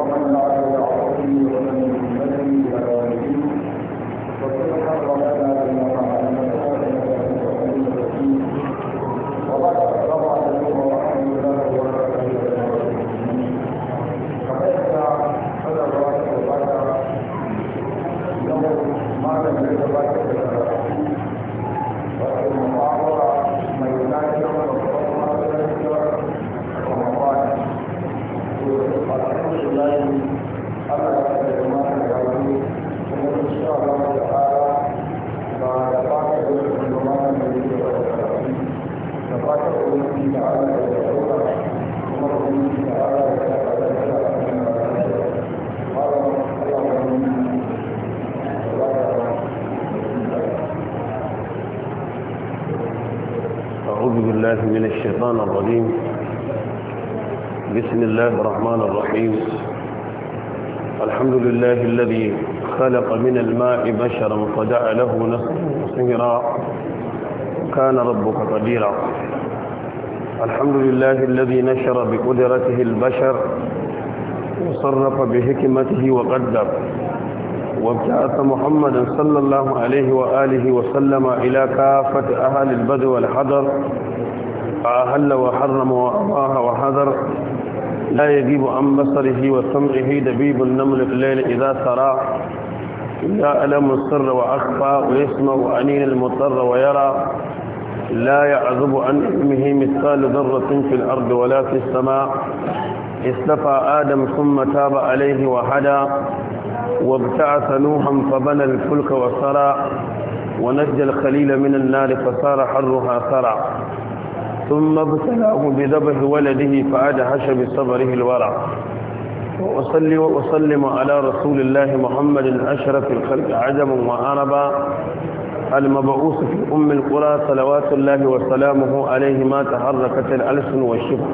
ومن لا يدعوني ومن يهمني الى يوم الدين وسبحان بسم الله الرحمن الرحيم الحمد لله الذي خلق من الماء بشرا فدعا له نصيرا كان ربك قديرا الحمد لله الذي نشر بقدرته البشر وصرف بحكمته وقدر وابتعث محمدا صلى الله عليه وآله وسلم إلى كافة أهل البدو والحضر فأهل وحرم وأباها وحذر لا يجيب عن بصره وسمعه دبيب النمل في الليل إذا سرى لا ألم السر وأخفى ويسمع أنين المضطر ويرى لا يعذب عن علمه مثقال ذرة في الأرض ولا في السماء استفى آدم ثم تاب عليه وهدى وابتعث نوحا فبنى الفلك وسرى ونجى الخليل من النار فصار حرها سرى ثم ابتلاه بذبح ولده فأدهش بصبره الورع وأصلي وأسلم على رسول الله محمد أشرف الخلق عجما وعربا المبعوث في أم القرى صلوات الله وسلامه عليه ما تحركت الألسن والشفع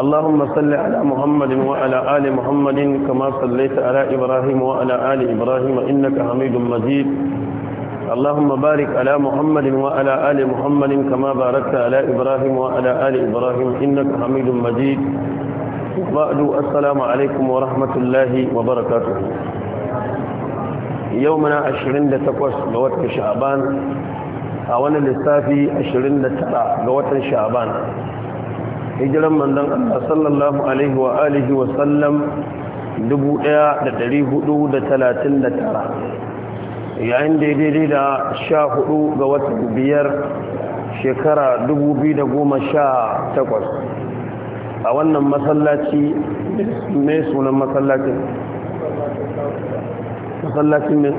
اللهم صل على محمد وعلى آل محمد كما صليت على إبراهيم وعلى آل إبراهيم إنك حميد مجيد اللهم بارك على محمد وعلى آل محمد كما باركت على إبراهيم وعلى آل إبراهيم إنك حميد مجيد بعد السلام عليكم ورحمة الله وبركاته يومنا عشرين لتقوص لوقت شعبان أولا للسافي عشرين لتقع لوقت شعبان hijiran mandan Allah sallallahu alaihi wa alihi wa sallam 1439 yayin da daidai da sha hudu ga wata biyar shekara takwas, a wannan masallaci mai sunan masallacin masallacin ne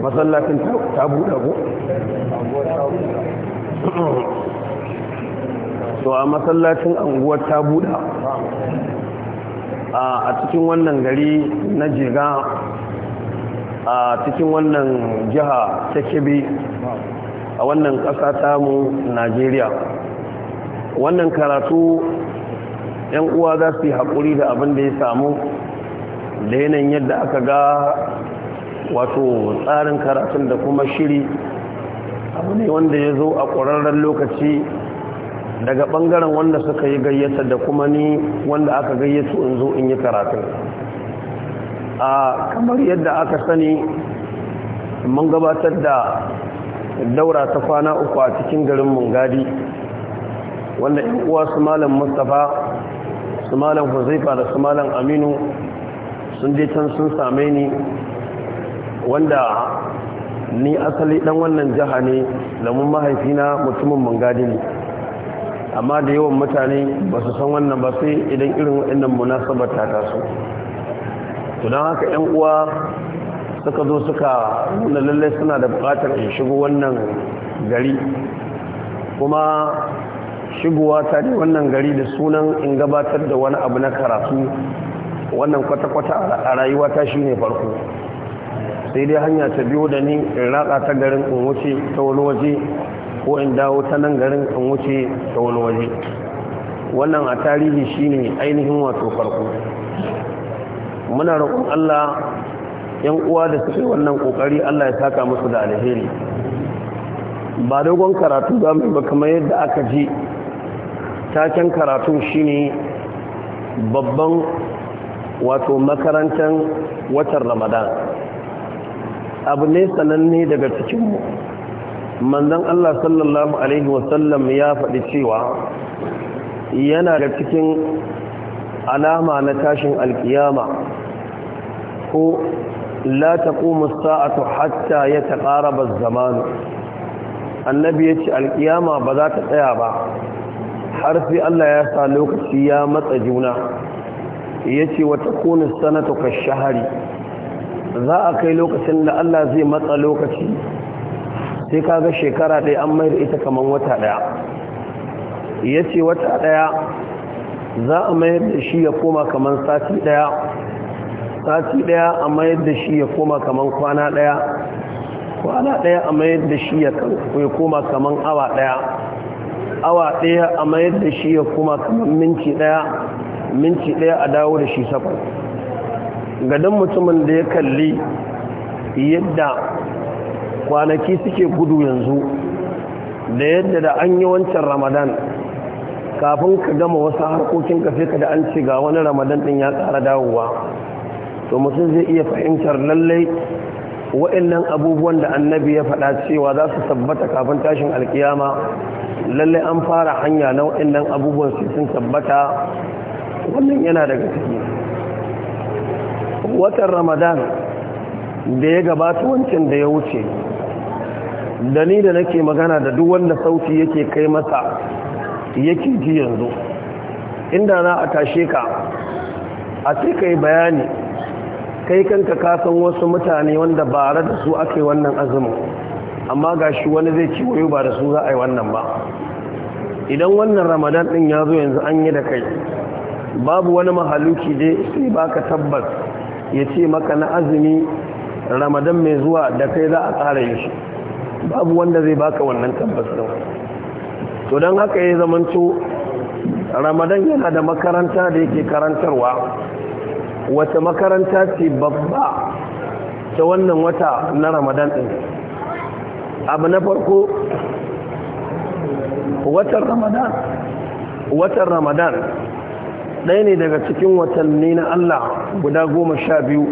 masallacin ta buɗa ko? to a masallacin anguwar ta buɗa a cikin wannan gari na jiga a cikin wannan jiha ta kebe a wannan ƙasa tamu najeriya wannan karatu yan uwa za su yi haƙuri da abin da ya samu da yanayin yadda aka ga wato tsarin karatun da kuma shiri abu ne wanda ya zo a ƙwararren lokaci daga ɓangaren wanda suka yi gayyata da kuma ni wanda aka gayyato in zo in yi karatun a kamar yadda aka sani mun gabatar da daura ta kwana uku a cikin garin mungadi wanda yan uwa su malam mustapha su malam huzaifa da su malam aminu sun je can sun same ni wanda ni asali dan wannan jiha ne lamun mahaifina mutumin mungadi ne amma da yawan mutane ba su san wannan ba sai idan irin waɗannan munasabar ta taso to haka yan uwa suka zo suka nuna lallai suna da bukatar in shigo wannan gari kuma shigowa ta ne wannan gari da sunan in gabatar da wani abu na karatu wannan kwata-kwata a rayuwa ta shi ne farko sai dai hanya ta biyo da ni in raka ta garin in wuce ta wani waje ko in dawo ta nan garin in wuce ta wani waje wannan a tarihi shi ne ainihin wato farko muna roƙon Allah yan uwa da suke wannan kokari Allah ya saka musu da alheri ba dogon karatu za mu kamar yadda aka ji taken karatu shine babban wato makarantar watan ramadan abu ne sananne daga cikinmu manzon Allah sallallahu alaihi wasallam ya faɗi cewa yana da cikin alama na tashin alkiyama ko la taqumu saatu hatta yataqaraba az-zaman annabi yace alkiyama ba za ta tsaya ba har sai Allah ya sa lokaci ya matsa juna yace wa takunu sanatu kash-shahri za a kai lokacin da Allah zai matsa lokaci sai kaga shekara ɗaya an mai ita kaman wata ɗaya yace wata ɗaya za a mayar da shi ya koma kaman sati ɗaya sati daya a mayar da shi ya koma kaman kwana daya kwana daya a mayar da shi ya koma kaman awa daya awa daya a mayar da shi ya koma kaman minti daya minci daya a dawo da shi safar gadon mutumin da ya kalli yadda kwanaki suke gudu yanzu da yadda da an yi wancan ramadan kafin ka gama wasu harkokin ka ka da an ce ga wani ramadan din ya tsara dawowa to mutum zai iya fahimtar lallai wa'annan abubuwan da annabi ya faɗa cewa za su tabbata kafin tashin alkiyama lallai an fara hanya na wa'annan abubuwan su sun tabbata wannan yana daga ciki watan ramadan da ya gabata wancan da ya wuce da ni da nake magana da duk wanda sauti yake kai masa yake ji yanzu inda na a tashe ka a ce ka yi bayani kai kanka kasan wasu mutane wanda ba da su ake wannan azumin amma ga shi wani zai ci wayo ba da su za a yi wannan ba idan wannan ramadan din ya zo yanzu an yi da kai babu wani mahaluki dai sai baka tabbas ya ce maka na azumi ramadan mai zuwa da kai za a tsara yi shi babu wanda zai baka wannan tabbas din to don haka ya zamanto ramadan yana da makaranta da yake karantarwa wata makaranta ce babba ta wannan wata na ramadan ɗin abu na farko watan ramadan watan ramadan ɗaya ne daga cikin watanni na allah guda goma sha biyu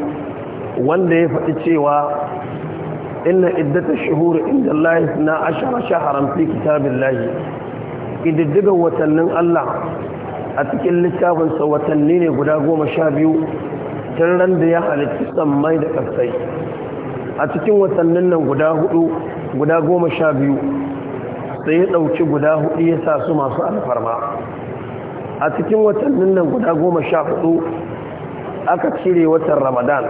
wanda ya faɗi cewa inna iddata shuhuri inda Allah na ashara shaharan fi kitabin lahi ƙididdigan watannin Allah a cikin littafinsa watanni ne guda goma sha biyu cikin ran da ya halitta tsammai da ƙasai a cikin watannin nan guda hudu guda goma sha biyu sai ya ɗauki guda hudu ya sa su masu alfarma a cikin watannin nan guda goma sha hudu aka cire watan ramadan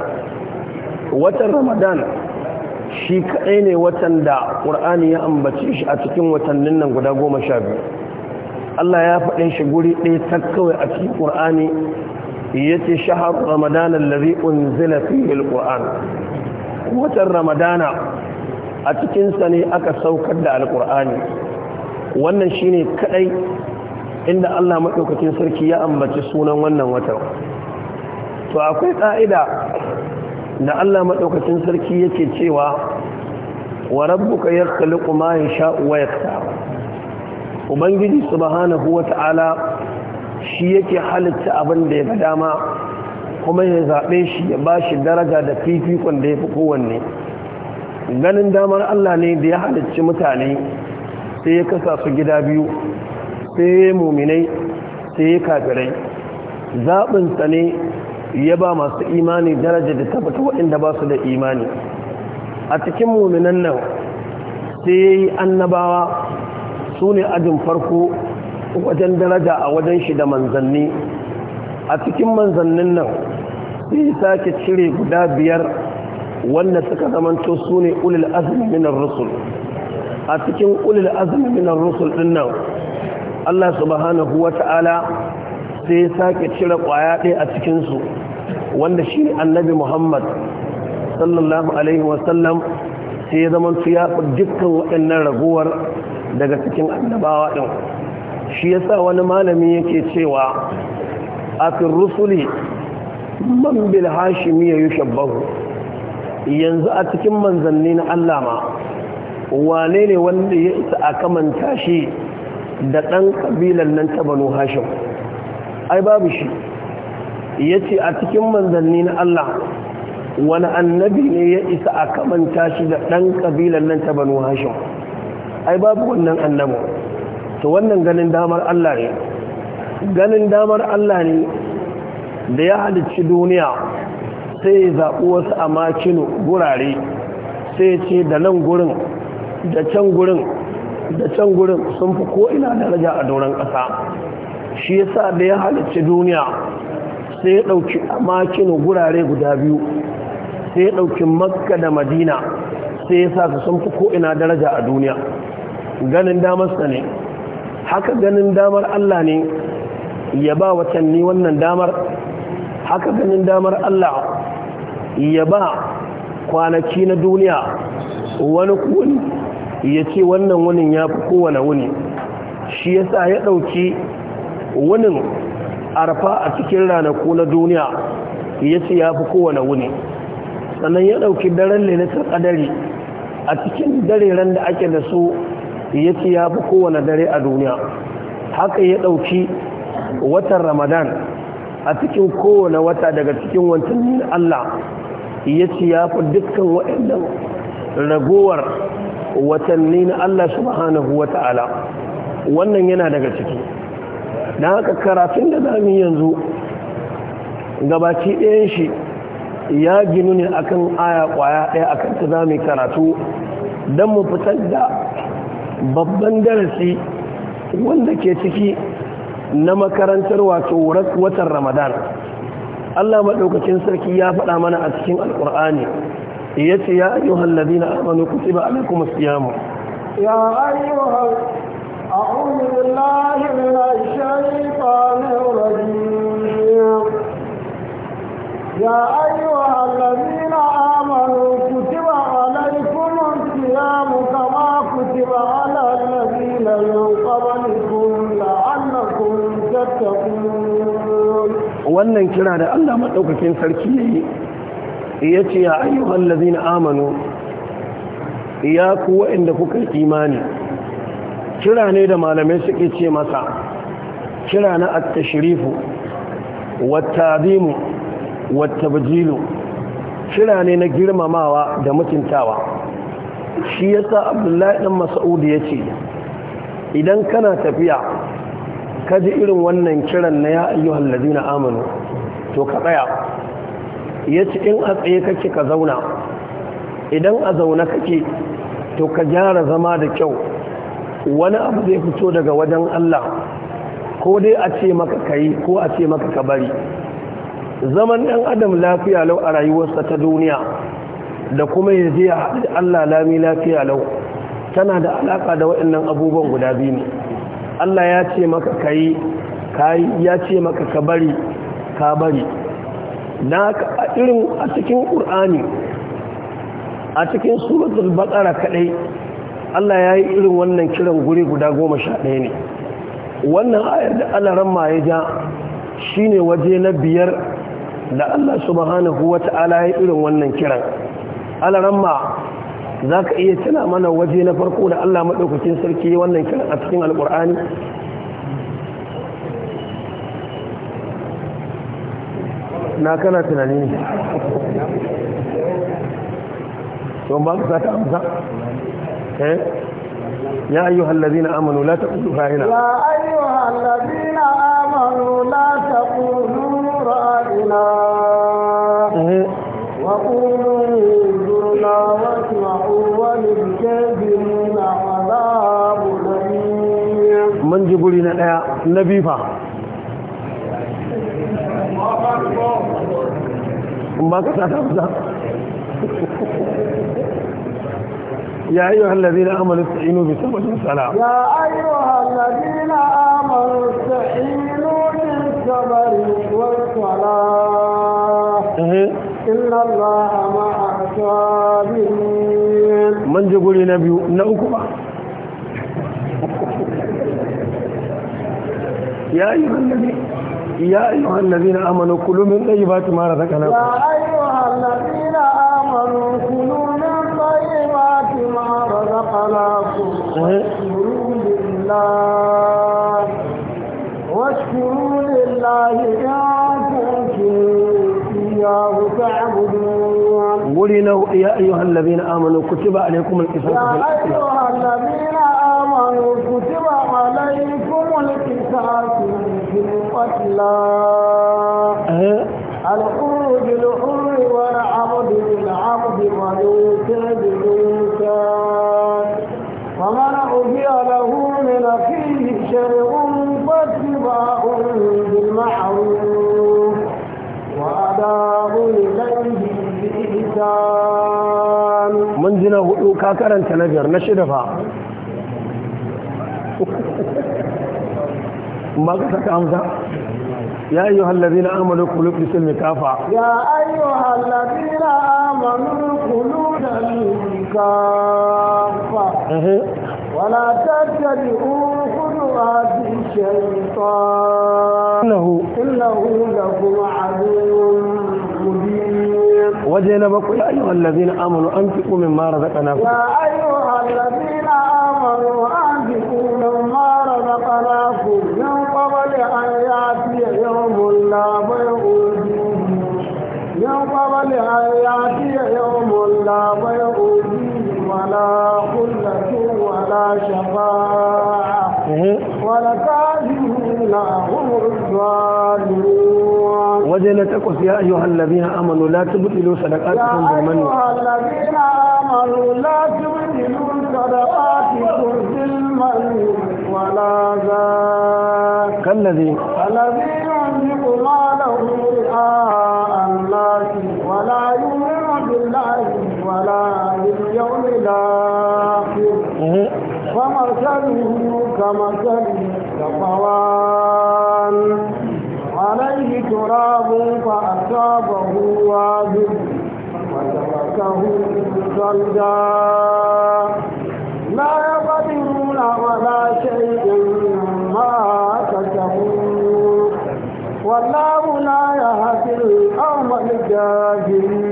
watan ramadan shi kaɗai ne watan da ƙur'ani ya ambace shi a cikin watannin nan guda goma sha biyu Allah ya faɗin shi guri ɗaya ta kawai a cikin ƙur'ani yace shahar Ramadana allazi unzila fihi alquran watan ramadana a cikin sa ne aka saukar da alqurani wannan shine kadai inda Allah madaukakin sarki ya ambaci sunan wannan watan to akwai ka'ida da Allah madaukakin sarki yake cewa wa rabbuka yakhluqu ma yasha'u wa yaktar ubangiji subhanahu wata'ala shi yake halitta abin da ya ga dama kuma ya zaɓe shi ya ba shi daraja da fifikon da ya fi kowanne ganin damar Allah ne da ya halicci mutane sai ya kasa su gida biyu sai ya muminai sai ya kafirai zaɓinsa ne ya ba masu imani daraja da tabbata waɗanda ba su da imani a cikin muminan nan sai ya yi annabawa su ne ajin farko wajen daraja a wajen shi da manzanni a cikin manzannin nan sai sake cire guda biyar wanda suka zamanto su ne ulil azuminan rusul a cikin ulil azuminan rusul din nan Allah subhanahu wa ta'ala sai sake cire kwaya ɗaya a cikinsu wanda shi ne annabi muhammad sallallahu alaihi wasallam sai ya zamanto ya fi dukkan waɗannan raguwar daga cikin annabawa ɗin shi ya sa wani malami yake cewa afin rusuli man bil hashimi ya yushabbahu yanzu a cikin manzanni na Allah ma wane ne wanda ya isa a kamanta shi da ɗan ƙabilan nan ta banu hashim ai babu shi ya ce a cikin manzanni na Allah wani annabi ne ya isa a kamanta shi da ɗan ƙabilan nan ta banu hashim ai babu wannan annabu. to wannan ganin damar Allah ne ganin damar Allah ne da ya halicci duniya sai ya zaɓi wasu a makinu gurare sai ce da nan gurin da can gurin da can gurin sun fi ko'ina daraja a doron ƙasa shi yasa da ya halicci duniya sai ya ɗauki a makinu gurare guda biyu sai ya ɗauki makka da madina sai ya sa su sun fi ko'ina daraja a duniya ganin damarsa ne haka ganin damar Allah ne ya ba watanni wannan damar haka ganin damar Allah ya ba kwanaki na duniya wani kuni ya ce wannan wunin ya fi kowane wuni shi ya sa ya ɗauki wunin arfa a cikin ranaku na duniya ya ce ya fi kowane wuni sannan ya ɗauki daren lalatar ƙadari a cikin dareren da ake da su ya ce ya fi kowane dare a duniya haka ya ɗauki watan ramadan a cikin kowane wata daga cikin wancan Allah ya ce ya fi dukkan waɗannan ragowar watanni na Allah subhanahu wa ta'ala wannan yana daga ciki na haka karafin da zami yanzu gabaci ɗayan shi ya ginu ne akan aya kwaya ɗaya akan ta zami karatu don mu fitar da babban darasi wanda ke ciki na makarantar wato watan ramadan Allah maɗaukacin sarki ya faɗa mana a cikin alƙur'ani ya ce ya ayyuhan ladina amanu ku ci ba alaikum as-siyam ya ayyuhan a'udhu billahi minash shaitanir rajim ya ayyuhan ladina amanu kutiba alaikum الصيام كما كتب على الذين من قبلكم لعلكم تتقون wannan kira da Allah madaukakin sarki yayi yace ya ayyuhal ladina amanu ya ku wa'anda kuka imani kira ne da malamai suke ce masa kira na at-tashrifu wat-ta'zimu wat-tabjilu kira ne na girmamawa da mutuntawa shi ya sa abdullahi ɗan Masa'udu ya ce, idan kana tafiya ka ji irin wannan kiran na ya ayyuhal na amanu to ka tsaya Ya ci in a tsaye kake ka zauna idan a zauna kake to ka gyara zama da kyau wani abu zai fito daga wajen Allah ko dai a ce maka yi ko a ce maka ka bari zaman ɗan adam lafiya lau a rayuwarsa ta duniya da kuma ya je haɗu da Allah lami lafiya lau tana da alaƙa da waɗannan abubuwan guda biyu ne Allah ya ce maka ka yi ya ce maka ka bari ka bari na a irin a cikin ƙur'ani a cikin suratul baqara kaɗai Allah ya yi irin wannan kiran guri guda goma sha ɗaya ne wannan ayar da Allah ramma ya ja ne waje na biyar da Allah subhanahu wata'ala ya irin wannan kiran alaramma za ka iya tuna mana waje na farko da allah maɗaukacin sarki wannan kiran a cikin alƙur'ani na kana tunani ne don ba ka za ta amsa eh يا أيها الذين آمنوا لا تقولوا رائنا يا أيها الذين آمنوا لا تقولوا رائنا وقولوا لا واسمعوا وللكاذبين عذاب غليظ من جبلنا الآية نبي ما كتبنا يا أيها الذين آمنوا استعينوا بالصبر والصلاة يا أيها الذين آمنوا استعينوا بالصبر والصلاة إيه. إن الله مع الصابرين من جبولي نبي نأكبا يا أيها النبي يا أيها الذين آمنوا كلوا من طيبات ما رزقناكم يا أيها الذين آمنوا كلوا من طيبات ما رزقناكم واشكروا لله واشكروا لله إن كنتم إياه قل ولنا يا أيها الذين آمنوا كتب عليكم القصاص يا أيها الذين آمنوا كتب عليكم القصاص في القتلى أه؟ الخروج الحر والعبد بالعبد وليس بالأنثى ومن عفي له من أخيه شر فاتباع بالمعروف هداه إليه الإحسان من زنا هدو كاكرا تنجر نشرفها ما قصك أمزا يا أيها الذين آمنوا قلوب لسلم كافة يا أيها الذين آمنوا قلوب لسلم كافة ولا تتبعوا خطوات الشيطان إنه إنه لكم عدو مبين وجينا بقول يا أيها الذين آمنوا أنفقوا مما رزقناكم يا أيها الذين آمنوا أنفقوا مما رزقناكم من قبل أن يأتي يوم لا بيع من قبل أن يأتي يوم لا بيع ولا خلة الظالمون وجل تقص يا أيها الذين آمنوا لا تبطلوا صدقاتكم بالمن يا أيها الذين آمنوا لا تبطلوا صدقاتكم بالمن ولا ذا كالذي الذي ينفق ماله رئاء الناس ولا يؤمن بالله ولا باليوم الآخر أُهُ. مثله كمثل الصفوان عليه تراب فأصابه وابل وتركه صلدا لا يقدرون على شيء ما كسبوا والله لا يهدي القوم الجاهلين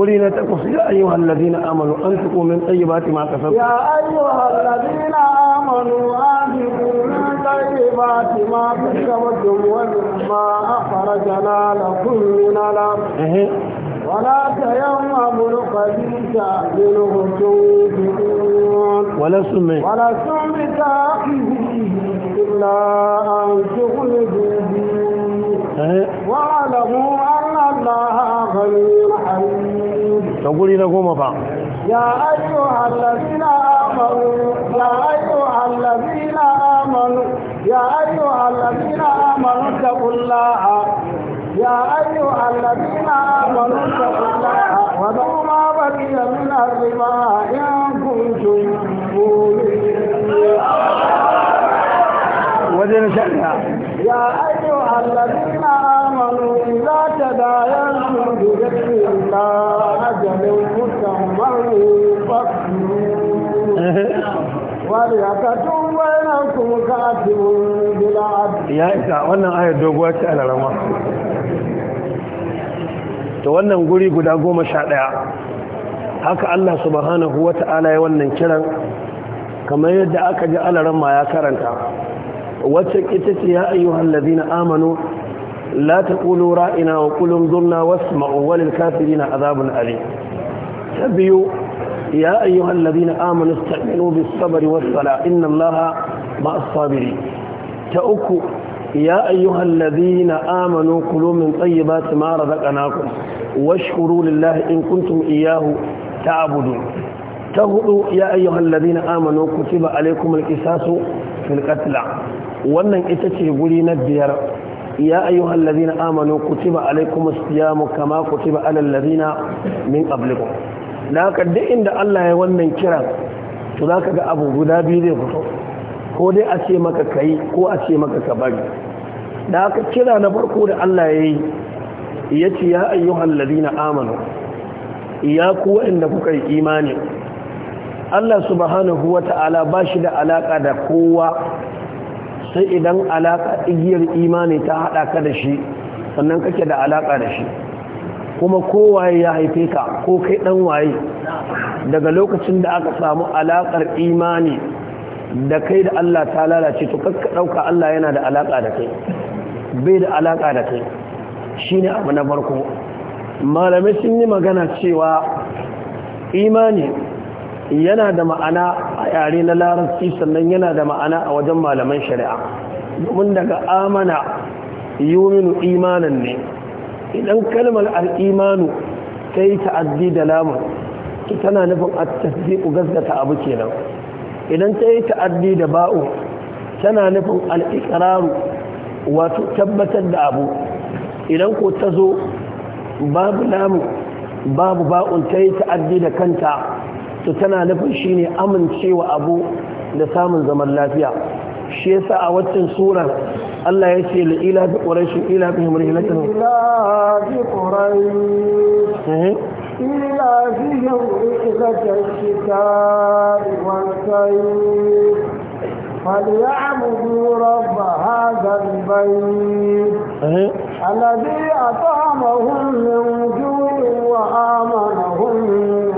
ولنا تقص يا أيها الذين آمنوا أنفقوا من طيبات ما كسبتم يا أيها الذين آمنوا أنفقوا من طيبات ما كسبتم ومما أخرجنا لكم من الأرض إيه. ولا تيمموا الخبيث منه تنفقون ولستم إيه؟ ولستم بتاخذيه إلا أن تغلبوا به إيه. واعلموا أن الله غني حميد da guri na goma ba ya ayyu allazina amanu ya ayyu allazina amanu ya ayyu allazina amanu ha, ya ayyu allazina amanu taqullaha wa dawu ma baqiya min ar-riba in kuntum mu'minin wajen shakka ya ayyu الذين آمنوا إذا تداينتم بينكم كاتب بالعدل يا wannan doguwa ce a to wannan guri guda goma sha ɗaya haka Allah subhanahu wa ta'ala ya wannan kiran kamar yadda aka ji alarama ya karanta wacce يا أيها الذين آمنوا لا تقولوا رائنا taqulu انظرنا واسمعوا وللكافرين عذاب أليم walil يا أيها الذين آمنوا استعملوا بالصبر والصلاة إن الله مع الصابرين تأكوا يا أيها الذين آمنوا كلوا من طيبات ما رزقناكم واشكروا لله إن كنتم إياه تعبدون تهدوا يا أيها الذين آمنوا كتب عليكم القصاص في القتلى wannan ita ce guri na biyar ya ayyuha allazina amanu kutiba alaykumus siyamu kama kutiba alal ladina min qablikum da haka duk inda Allah ya wannan kiran to zaka ga abu guda biyu zai fito ko dai a ce maka kai ko a ce maka ka bari da haka kira na farko da Allah ya yi ya ce ya ayyuhan ladina amanu ya kuwa inda kuka yi imani Allah subhanahu wa ta'ala ba shi da alaka da kowa sai idan alaka igiyar imani ta haɗa ka da shi sannan kake da alaka da shi kuma kowaye ya haife ka ko kai ɗan waye daga lokacin da aka samu alakar imani da kai da Allah ta lalace to kakka ɗauka Allah yana da alaƙa da kai bai da alaƙa da kai shi abu na farko malamai sun yi magana cewa imani yana da ma'ana a yare na larabci sannan yana da ma'ana a wajen malaman shari'a domin daga amana yuminu imanan ne idan kalmar al'imanu ta yi ta'addi da lamun tana nufin a tasdiku gaskata abu kenan idan ta yi ta'addi da ba'u tana nufin al'ikararu wato tabbatar da abu idan ko ta zo babu lamun babu ba'un ta yi ta'addi da kanta to tana nufin shine amincewa abu da samun zaman lafiya shi sa a waccan sura Allah ya ce la ila bi quraish eh? ila bi murhilatin ila bi quraish ila bi murhilatin shitaa wa sayf فليعبدوا رب هذا البيت الذي أطعمهم من amana وآمنهم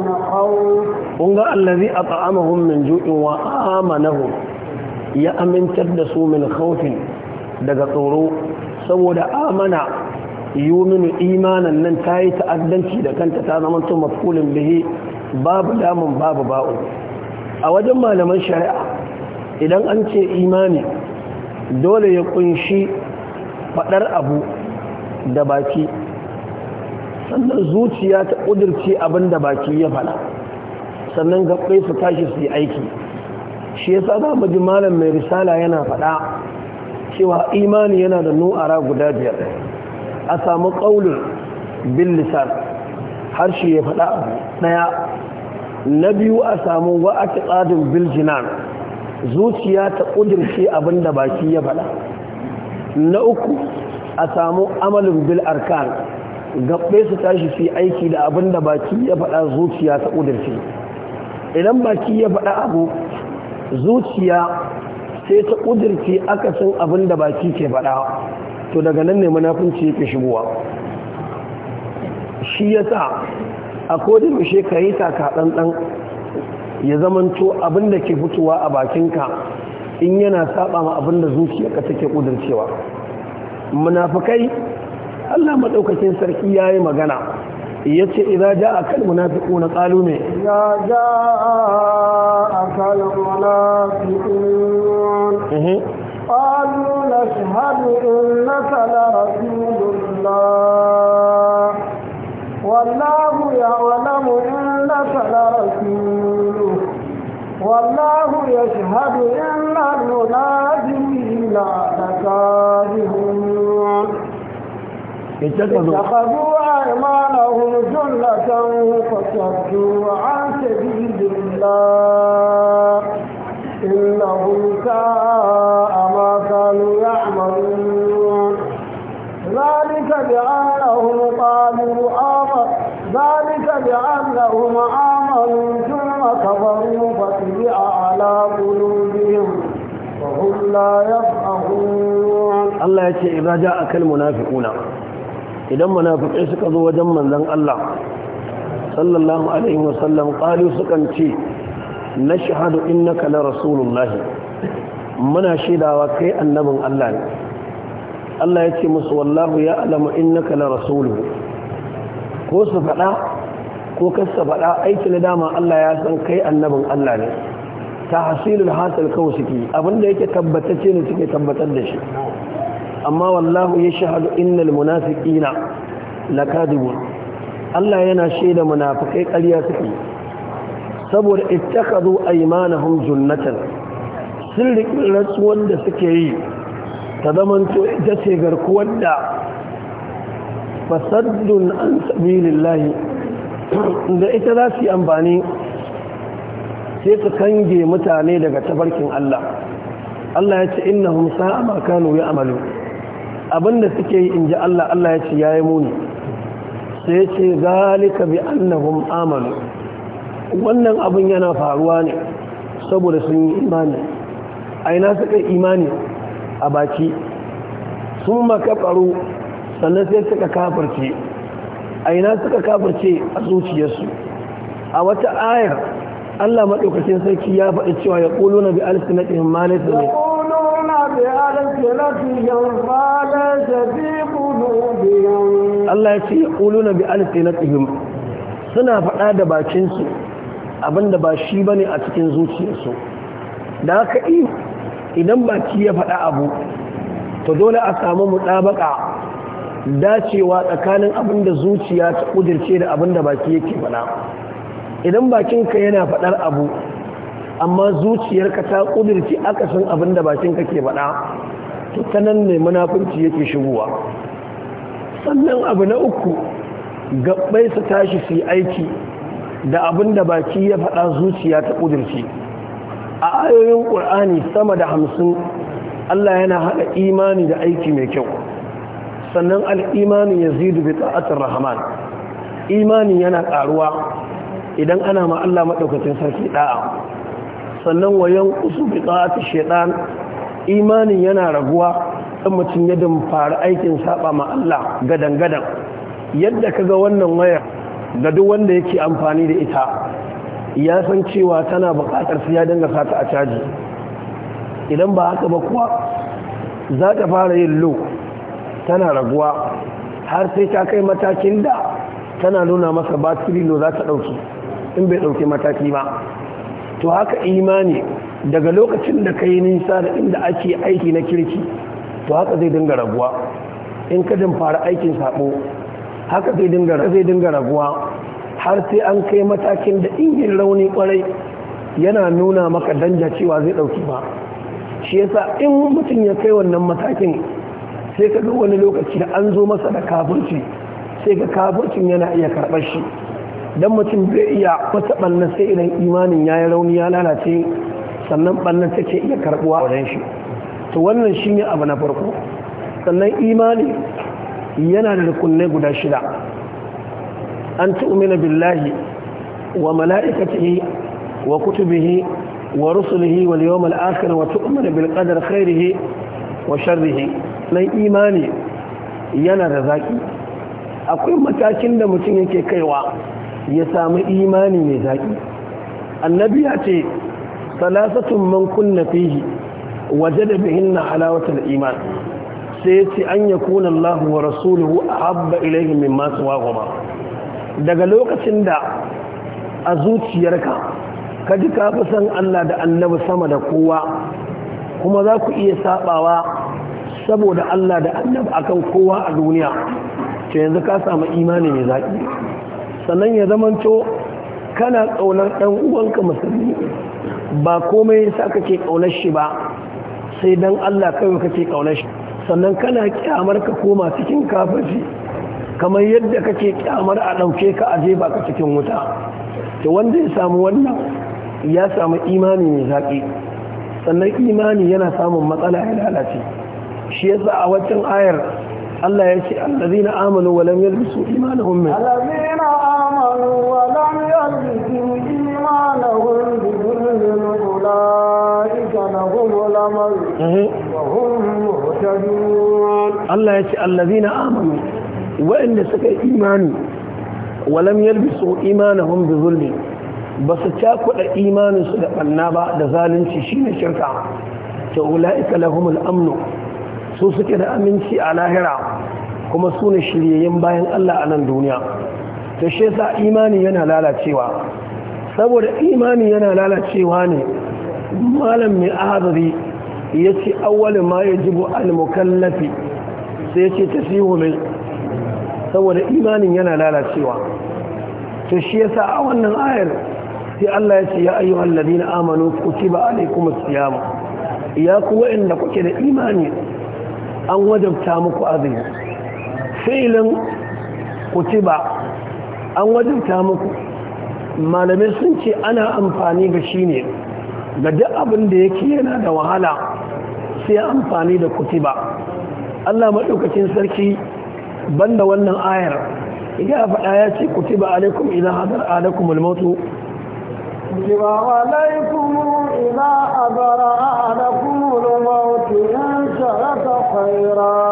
na خوف kunga allazi at'amahum min ju'in wa amanahum ya amintar da su min khawfin daga tsoro saboda amana yuminu imanan nan ta yi ta'addanci da kanta ta zama to mafkulin bihi babu damun babu ba'u a wajen malaman shari'a idan an ce imani dole ya kunshi faɗar abu da baki sannan zuciya ta ƙudurci abin da baki ya faɗa sannan gabbai su tashi su yi aiki shi yasa za mu malam mai risala yana faɗa cewa imani yana da nu'ara guda biyar a samu ƙaunin bin harshe ya faɗa ɗaya na biyu a samu wa'aki tsadin bil jinan zuciya ta ƙudirce abin da baki ya faɗa na uku a samu amalin bil arkan gabbe su tashi su aiki da abin da baki ya faɗa zuciya ta ƙudirce idan baki ya faɗa abu zuciya sai ta ƙudurci akasin abin da baki ke faɗa to daga nan ne munafunci ke shigowa shi ya sa a kodin mishe ka yi taka ɗanɗan ya zamanto abin da ke fitowa a bakinka in yana saba ma abin da zuciya ka take ƙudurcewa munafukai Allah maɗaukakin sarki ya yi magana Ya yace idza jaa kal munafiquna qalu me ya ja a jaa kal munafiqun shahadu in innaka la rasulullah wallahu ya in innaka la rasuluh wallahu ya shahadu in na yashhadu innal munafiqina lakadibun اتخذوا أيمانهم جنة فصدوا عن سبيل الله إنهم ساء ما كانوا يعملون ذلك بأنهم قالوا آمن ذلك بأنهم آمنوا ثم كفروا فتبع على قلوبهم وهم لا يفقهون الله يتي إذا جاءك المنافقون idan munafikai suka zo wajen manzon Allah sallallahu alaihi wasallam qalu sukan ce nashhadu innaka la rasulullahi muna shaidawa kai annabin Allah ne Allah ya ce musu wallahu ya alamu innaka la rasuluhu ko su faɗa ko kasa faɗa aiki na dama Allah ya san kai annabin Allah ne tahsilul hasil kawai suke abinda yake tabbatacce ne suke tabbatar da shi amma wallahu ya shahadu innal munafiqina lakadibun Allah yana shaida munafikai ƙarya suke saboda ittakhadhu aymanahum junnatan sun riƙi da suke yi ta to ita ce garkuwar da fasaddun an sabilillahi da ita za su yi amfani sai su kange mutane daga tabarkin Allah Allah ya ce innahum sa'a ma kanu ya'malu abinda suke yi in ji Allah Allah ya ce ya yi muni sai ya ce zalika bi annahum amanu wannan abin yana faruwa ne saboda sun yi imani a ina suka imani a baki sun makafaru sannan sai suka kafarce a ina suka kafarce a zuciyarsu a wata ayar Allah maɗaukacin sarki ya faɗi cewa ya ƙulo na bi alisinatihim ma ne بألسنتهم ya ce في قلوبهم الله suna faɗa da bakinsu abinda ba shi ba ne a cikin zuciyarsu da haka idan baki ya faɗa abu to dole a samu mutabaka dacewa tsakanin abinda zuciya ta ƙudirce da abinda baki yake faɗa idan bakinka yana faɗar abu amma zuciyarka ta kudirci akasin abin da bakin ka faɗa to ta nan ne munafunci yake shigowa sannan abu na uku gabbai su tashi su yi aiki da abin da baki ya faɗa zuciya ta kudirci a ayoyin ƙur'ani sama da hamsin Allah yana haɗa imani da aiki mai kyau sannan al'imani ya zidu bi ta'atar rahman imani yana ƙaruwa idan ana ma Allah maɗaukacin sarki ɗa'a sannan wayan usu bi ta'ati shaytan imanin yana raguwa dan mutum ya fara aikin saba ma Allah gadan gadan yadda ga wannan wayar ga duk wanda yake amfani da ita ya san cewa tana buƙatar sai ya dinga sata a caji idan ba haka ba kuwa za ta fara yin lo tana raguwa har sai ta kai matakin da tana nuna masa batiri lo za ta ɗauki in bai ɗauki mataki ba to haka imani daga lokacin da ka yi nisa da inda ake aiki na kirki to haka zai dinga raguwa in ka fara aikin sabo haka zai dinga raguwa har sai an kai matakin da ingin rauni kwarai yana nuna maka danja cewa zai dauki ba shi yasa in mutum ya kai wannan matakin sai ka ga wani lokaci da an zo masa da kafirci sai ga kafircin yana iya karɓar shi dan mutum zai iya wata ɓannan sai idan imanin ya yi rauni ya lalace sannan ɓannan take iya karɓuwa wajen shi to wannan shi ne abu na farko sannan imani yana da rukunai guda shida an tu'mina billahi wa mala'ikatihi wa kutubihi wa rusulihi wal yawmil akhir wa tu'mina bil qadar khairihi wa sharrihi nan imani yana da zaki akwai matakin da mutum yake kaiwa ya samu imani mai zaƙi annabi ya ce salasatun man kunna fihi waje da bihinna halawatar iman sai ya ce an ya kuna Allah wa rasuluhu a habba ilaihi min masu wagoma daga lokacin da a zuciyarka ka ji ka fi san Allah da annabi sama da kowa kuma za ku iya sabawa saboda Allah da annabi akan kowa a duniya to yanzu ka samu imani mai zaƙi sannan ya zamanto kana ƙaunar ɗan uwanka musulmi ba komai sa kake ƙaunar shi ba sai dan Allah kawai kake ƙaunar shi sannan kana kyamar ka koma cikin kafirci kamar yadda kake kyamar a ɗauke ka aje ba ka cikin wuta to wanda ya samu wannan ya samu imani mai zaƙi sannan imani yana samun matsala ya lalace shi yasa a waccan ayar Allah ya ce allazina amanu wa lam yalbisu min allazina amanu wa lam yalbisu imanahum bi dhulmin ulaika lahum wa mhm. hum muhtadun Allah ya ce allazina amanu wa'anda suka yi imani wa lam yalbisu imanahum bi dhulmin ba su cakuɗa da ɓanna ba da zalunci shine shirka ta ula'ika lahumul amnu su suke da aminci a lahira kuma su ne shiryayyen bayan Allah a nan duniya to shi sa imani yana lalacewa saboda imani yana lalacewa ne malam mai ahadari ya ce awalin ma ya jibo al-mukallafi sai ya ce tasihu mai saboda imanin yana lalacewa to shi sa a wannan ayar sai Allah ya ce ya ayyuhal ladina amanu kutiba alaykumus siyam ya kuwa inda kuke da imani an wajabta muku azumi filin kutiba an wajabta muku malamai sun ce ana amfani ga shi ne ga duk abin da yake yana da wahala sai amfani da kutiba Allah maɗaukacin sarki banda wannan ayar ya faɗa ya ce kutiba alaikum idan hadar alaikum almautu كتب عليكم إذا حضر أحدكم الموت إن ترك خيرا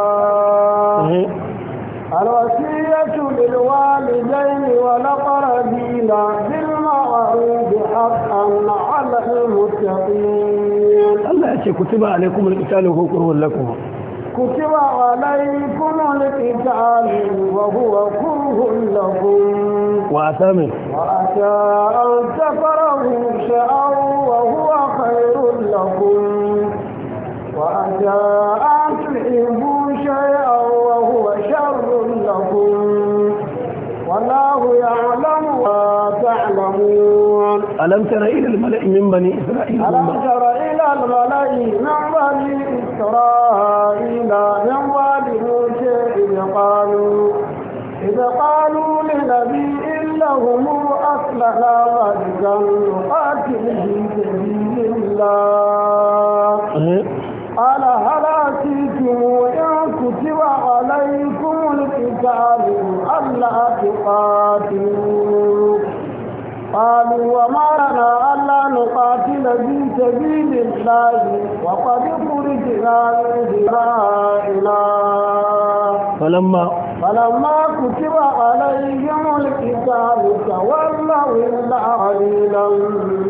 الوصية للوالدين والأقربين بالمعروف حقا على المتقين الله يشهد كتب عليكم القتال وهو كره لكم كتب عليكم القتال وهو كره لكم وأتى وأتى أو ذكره شاء وهو خير لكم وأتى أن تحبوا شيئا وهو شر لكم والله يعلم ما تعلمون ألم تر إلى الملأ من بني إسرائيل ألم تر إلى الملأ من بني إسرائيل من بعد موسى إذ قالوا إذا قالوا لنبي لهم أصلح رجلا يقاتل في سبيل الله قال هل أتيتم إن كتب عليكم القتال ألا تقاتلوا قالوا وما لنا ألا نقاتل في سبيل الله وقد خرجنا من دمائنا فلما فلما كتب عليهم الكتاب تولوا إلا قليلا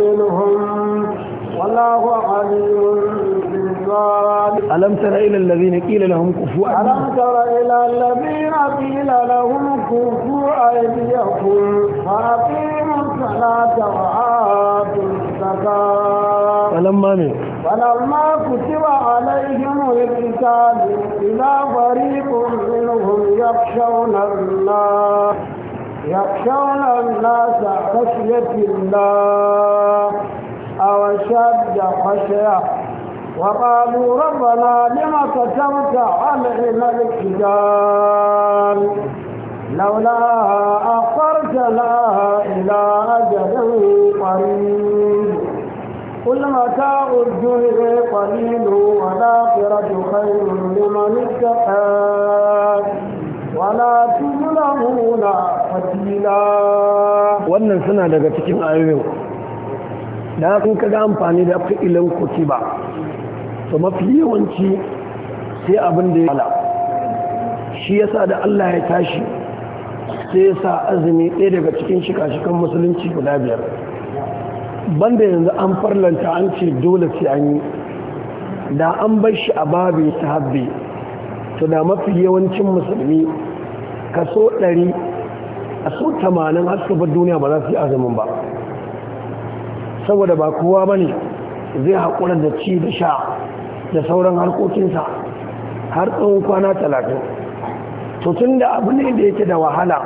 منهم والله عليم ألم تر إلى الذين قيل لهم كفوا ألم تر إلى الذين قيل لهم كفوا أيديكم فأقيموا الصلاة وآتوا الزكاة فلما فلما كتب عليهم القتال إذا فريق منهم يخشون الله يخشون الناس خشية الله أو أشد خشية وقالوا ربنا لما كتبت علينا القتال لولا أخرتنا إلى أجل قريب قل متاع الدنيا قليل والآخرة خير لمن اتقى ولا تظلمون فتيلا wannan suna daga cikin ayoyin da kun kaga amfani da fi'ilan kutiba to mafi yawanci sai abin da ya shi yasa da Allah ya tashi sai ya sa azumi ɗaya daga cikin shika-shikan musulunci guda biyar banda yanzu an farlanta an ce dole sai an yi da an bar shi a babu ta habbe to da mafi yawancin musulmi kaso ɗari a so tamanin har duniya ba za su yi azumin ba saboda ba kowa ba ne zai haƙura da ci da sha da sauran harkokinsa har tsawon kwana talatin to tun da abu ne da yake da wahala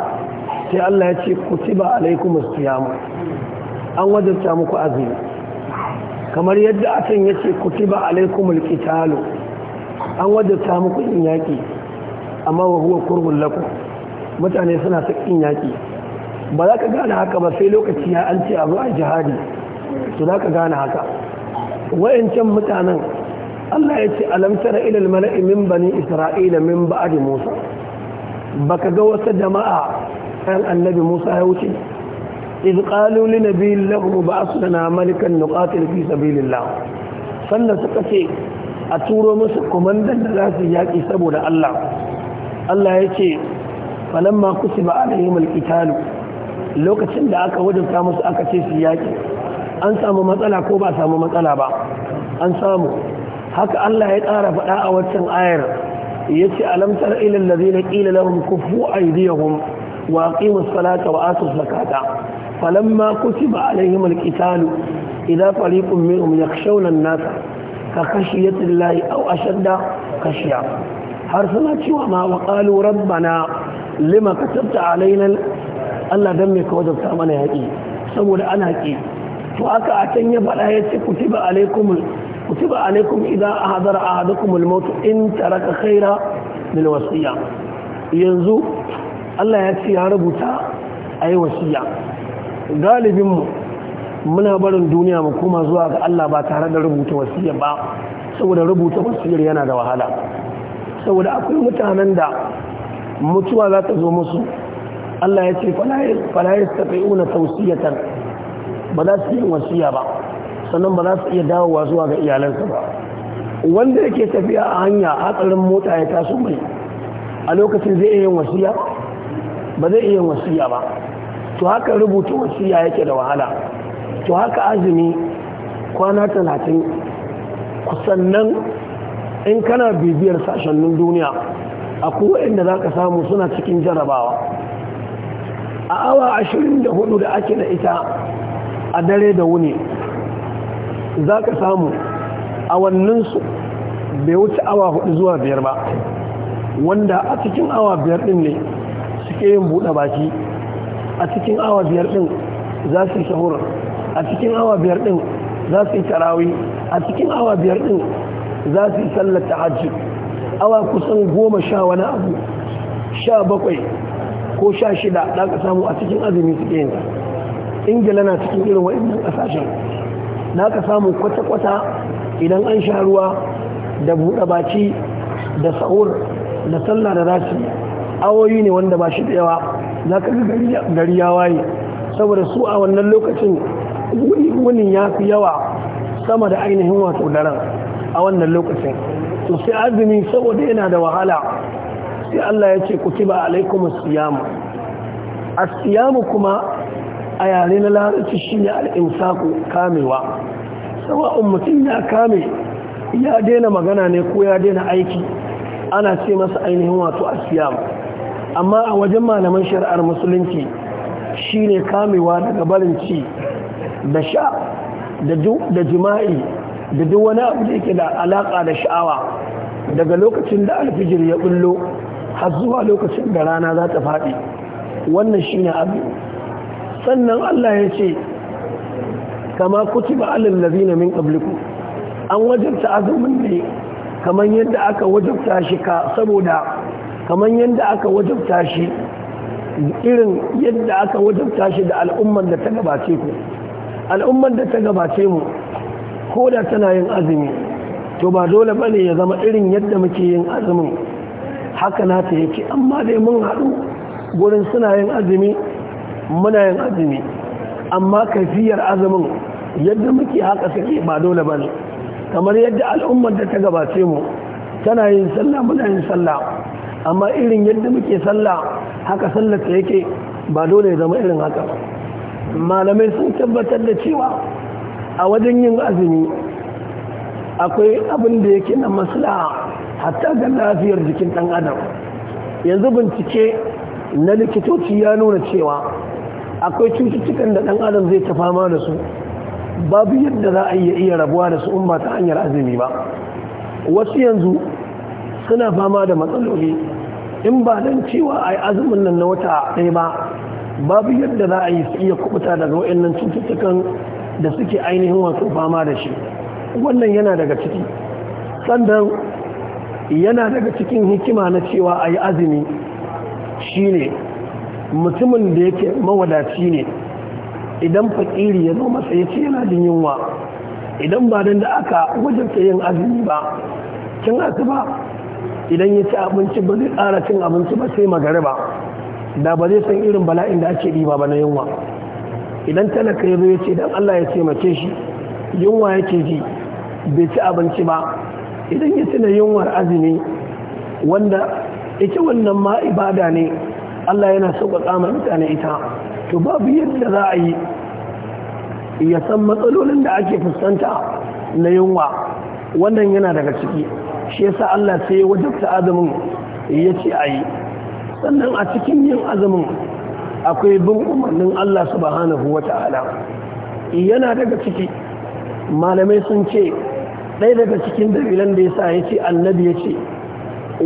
sai Allah ya ce ku tiba alaikum as-siyam an wajabta muku azumi kamar yadda akan yace tiba alaikum al-qital an wajabta muku yin yaki amma wa huwa qurbul lakum mutane suna yin yaki ba za ka gane haka ba sai lokaci ya an ce abu a jihadi to za ka gane haka wayancan mutanen Allah ya ce alamtara ilal mala'i min bani isra'ila min ba'di musa baka ga wasu jama'a ɗan annabi musa ya wuce iz qalu li nabiyyin lahum ba'athna malikan nuqatil fi sabilillah sannan suka ce a turo musu komandan da za su yaƙi saboda Allah Allah ya ce falamma kusiba alaihim alqital lokacin da aka wajinta musu aka ce su yaƙi an samu matsala ko ba samu matsala ba an samu haka Allah ya ƙara faɗa a waccan ayar yace alam tara ila allazina qila kufu kuffu aydiyahum wa aqimus salata wa atuz zakata falamma kutiba alaihim alqital idza fariqun ya yakhshawna an-nasa ka khashiyati llahi aw ashadda khashiya har suna cewa ma wa qalu rabbana lima katabta alaina Allah dan me ka wajabta mana yaki saboda ana ki to aka a can ya faɗa ya ce kutiba alaikumul kutiba alaikum idan ahadara ahadukum al-maut in taraka khaira lil wasiya yanzu Allah ya ce ya rubuta ayi wasiya galibin mu muna barin duniya mu koma zuwa ga Allah ba tare da rubuta wasiya ba saboda rubuta wasiyar yana da wahala saboda akwai mutanen da mutuwa za ta zo musu Allah ya ce falayis tafi'una tausiyatan ba za su yi wasiya ba sannan ba za su iya dawowa zuwa ga iyalansa ba wanda yake tafiya a hanya hatsarin mota ya taso mai a lokacin zai iya yin wasiya ba zai iya yin wasiya ba to haka rubuta wasiya yake da wahala to haka azumi kwana talatin kusannan in kana bibiyar sashennin duniya a inda za ka samu suna cikin jarabawa a awa ashirin da hudu da ake da ita a dare da wuni za ka samu awanninsu bai wuce awa hudu zuwa biyar ba wanda a cikin awa biyar din ne suke yin buɗe baki a cikin awa biyar din za su yi shahura a cikin awa biyar din za su yi tarawi a cikin awa biyar din za su yi sallar hajji awa kusan goma sha wani abu sha bakwai ko sha shida za ka samu a cikin azumi suke yin ingila na cikin irin waɗannan ƙasashen na ka samu kwata-kwata idan an sha ruwa da buɗe baci da sa'ur da sallah da rashi awoyi ne wanda ba shi da yawa za ka gari ya waye saboda su a wannan lokacin wunin ya fi yawa sama da ainihin wato daren a wannan lokacin to sai azumi saboda yana da wahala sai Allah ya ce kutiba 'Alaikum siyam as-siyam kuma a yare na larabci shine al'insaku kamewa sawa'un mutum ya kame ya daina magana ne ko ya daina aiki ana ce masa ainihin wato asiyam amma a wajen malaman shari'ar musulunci shine kamewa daga barin ci da sha da jima'i da duk wani abu da yake da alaƙa da sha'awa daga lokacin da alfijir ya bullo har zuwa lokacin da rana za ta faɗi wannan shine abu sannan Allah ya ce kama kutiba alal na min qablikum an wajabta azumin ne kamar yadda aka wajabta shi ka saboda kamar yadda aka wajabta shi irin yadda aka wajabta shi da al'umman da ta gabace ku al'umman da ta gabace mu ko da tana yin azumi to ba dole bane ya zama irin yadda muke yin azumin haka na ta yake amma dai mun haɗu gurin suna yin azumi muna yin azumi amma kafiyar azumin yadda muke haka suke ba dole ba ne kamar yadda al'ummar da ta gabace mu tana yin sallah muna yin sallah amma irin yadda muke sallah haka sallah ta yake ba dole ya zama irin haka malamai sun tabbatar da cewa a wajen yin azumi akwai abin da yake na maslaha hatta ga lafiyar jikin ɗan adam yanzu bincike na likitoci ya nuna cewa akwai cututtukan da ɗan adam zai ta fama da su babu yadda za a iya rabuwa da su in ba ta hanyar azumi ba wasu yanzu suna fama da matsaloli in ba don cewa a yi azumin nan na wata ɗaya ba babu yadda za a yi su iya kubuta daga waɗannan cututtukan da suke ainihin wasu fama da shi wannan yana daga ciki sannan yana daga cikin hikima na cewa a yi azumi shine mutumin da yake mawadaci ne idan fakiri ya zo masa ya ce yana jin yunwa idan ba da aka wajen yin azumi ba cin asuba idan ya ci abinci ba zai ƙara cin abinci ba sai ba da ba zai san irin bala'in da ake riba ba na yunwa idan talaka ya zo ya ce dan Allah ya taimake shi yunwa yake ji bai ci abinci ba idan ya tuna yunwar azumi wanda ita wannan ma ibada ne Allah yana sauƙaƙa ma mutane ita to babu yadda za a yi ya san matsalolin da ake fuskanta na yunwa wannan yana daga ciki shi yasa Allah sai ya wajabta azumin ya ce a yi sannan a cikin yin azumin akwai bin umarnin Allah subhanahu wa ta'ala yana daga ciki malamai sun ce ɗaya daga cikin dalilan da yasa ya ce annabi ya ce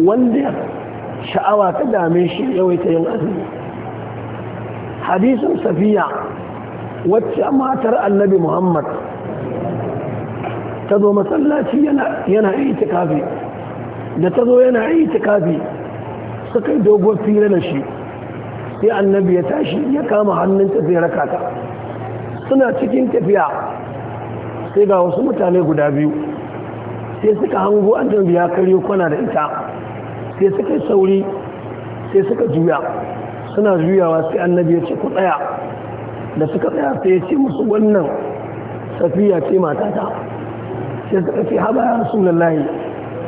wanda sha'awa ta dame shi yawaita yin azumi hadisin safiya wacce matar annabi muhammad ta zo masallaci yana itikafi da ta zo yana itikafi suka yi dogon fira da shi sai annabi ya tashi ya kama zai raka rakata suna cikin tafiya sai ga wasu mutane guda biyu sai suka hango annabi ya karyo kwana da ita sai suka yi sauri sai suka juya suna juyawa sai annabi ya ce ku tsaya da suka tsaya sai ya ce musu wannan safiya ce matata sai suka ce haɓa ya lallahi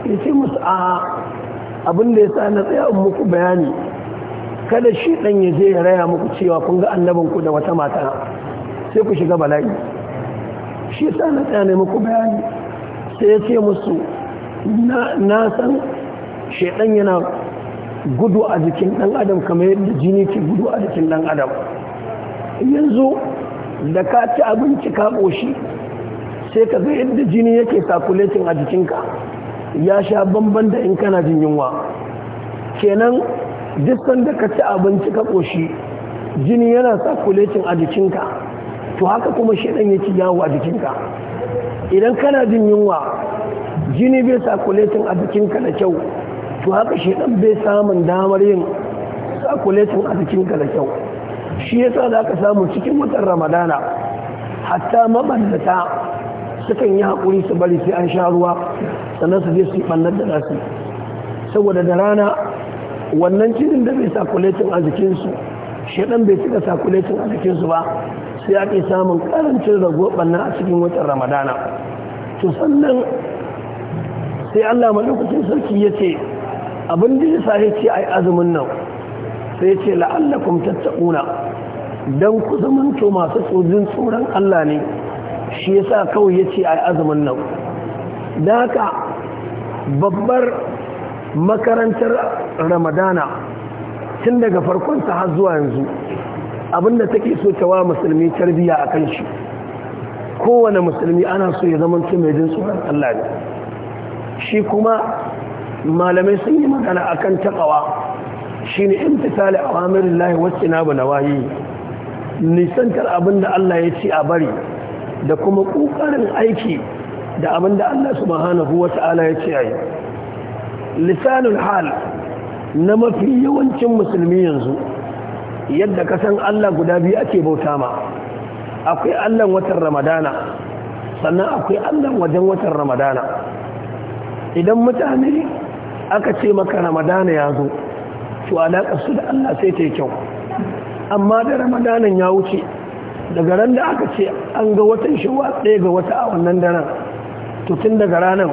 ya ce musu a abinda ya sa na tsaya in muku bayani kada shi ɗan ya je ya raya muku cewa kun ga annabinku da wata mata sai ku shiga bala'i shi sa na tsaya ne muku bayani sai ya ce musu na san shaidan yana gudu a jikin dan adam kamar yadda jini ke gudu a jikin dan adam yanzu da ka ci abinci ka ƙoshi sai ka ga yadda jini yake sakulecin a jikinka ya sha bamban da in kana jin yunwa kenan distan da ka ci abinci ka ƙoshi jini yana sakuletin a jikinka to haka kuma shaidan yake yawo a jikinka idan kana jin yunwa jini bai sakuletin a jikinka da kyau to haka shedan bai samun damar yin sakuletin a jikinka da kyau shi yasa za ka samu cikin watan ramadana hatta mabannata sukan yi haƙuri su bari sai an sha ruwa sannan su je su ɓannar da nasu saboda da rana wannan cikin da bai sakuletin a jikinsu shaɗan bai cika sakuletin a jikinsu ba sai ake samun ƙarancin rago ɓanna a cikin watan ramadana to sannan sai allah malokacin sarki ya ce abin da yasa ya ce ai azumin nan sai ce la'allakum tattaquna dan ku zamanto masu tsojin tsoron Allah ne shi yasa kawai yace ai azumin nan da haka babbar makarantar Ramadana tun daga farkon ta har zuwa yanzu abin abinda take so ta wa musulmi tarbiya akan shi kowane musulmi ana so ya zama mai jin tsoron Allah ne shi kuma malamai sun yi magana akan taqwa shine imtisali awamirillahi bu nawahi nisantar abinda Allah ya ce a bari da kuma kokarin aiki da abinda Allah subhanahu wata'ala ya ce yi. lisanul hal na mafi yawancin musulmi yanzu yadda ka san Allah guda biyu ake bauta ma akwai Allah watan Ramadana sannan akwai Allah wajen watan Ramadana idan mutane aka ce maka ramadana ya zo to alaƙar su da Allah sai ta yi kyau amma da ramadanan ya wuce daga ran da aka ce an ga watan shawa ɗaya ga wata a wannan daren to tun daga ranar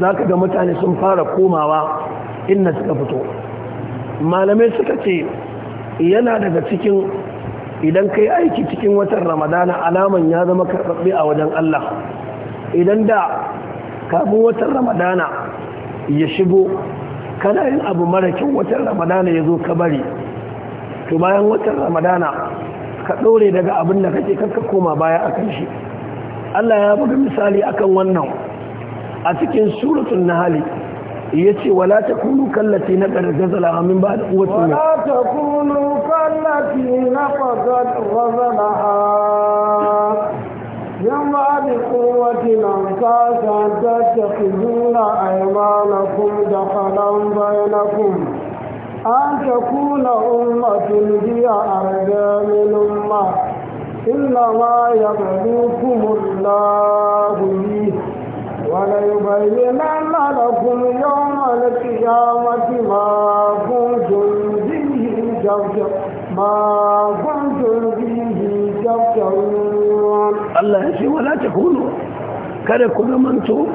za ka ga mutane sun fara komawa inda suka fito malamai suka ce yana daga cikin idan ka yi aiki cikin watan ramadana alaman ya zama karɓaɓɓe a wajen Allah idan da kafin watan ramadana ya shigo kana yin abu mara kyau watan ramadana ya zo ka bari to bayan watan ramadana ka ɗore daga abin da kake kanka koma baya a kan shi Allah ya buga misali akan wannan a cikin suratun hali ya ce wala ta kunu kallafi na ƙargazala min ba da kuwatsu wala ta kunu kallafi na من بعد قوة أنفاسا تتخذون أيمانكم دخلا بينكم أن تكون أمة هي أرجى من أمة إنما يبلوكم الله به وليبينن لكم يوم القيامة ما كنتم به ما كنتم به تفترون Allah ya ce wala ta kunu kada ku zamanto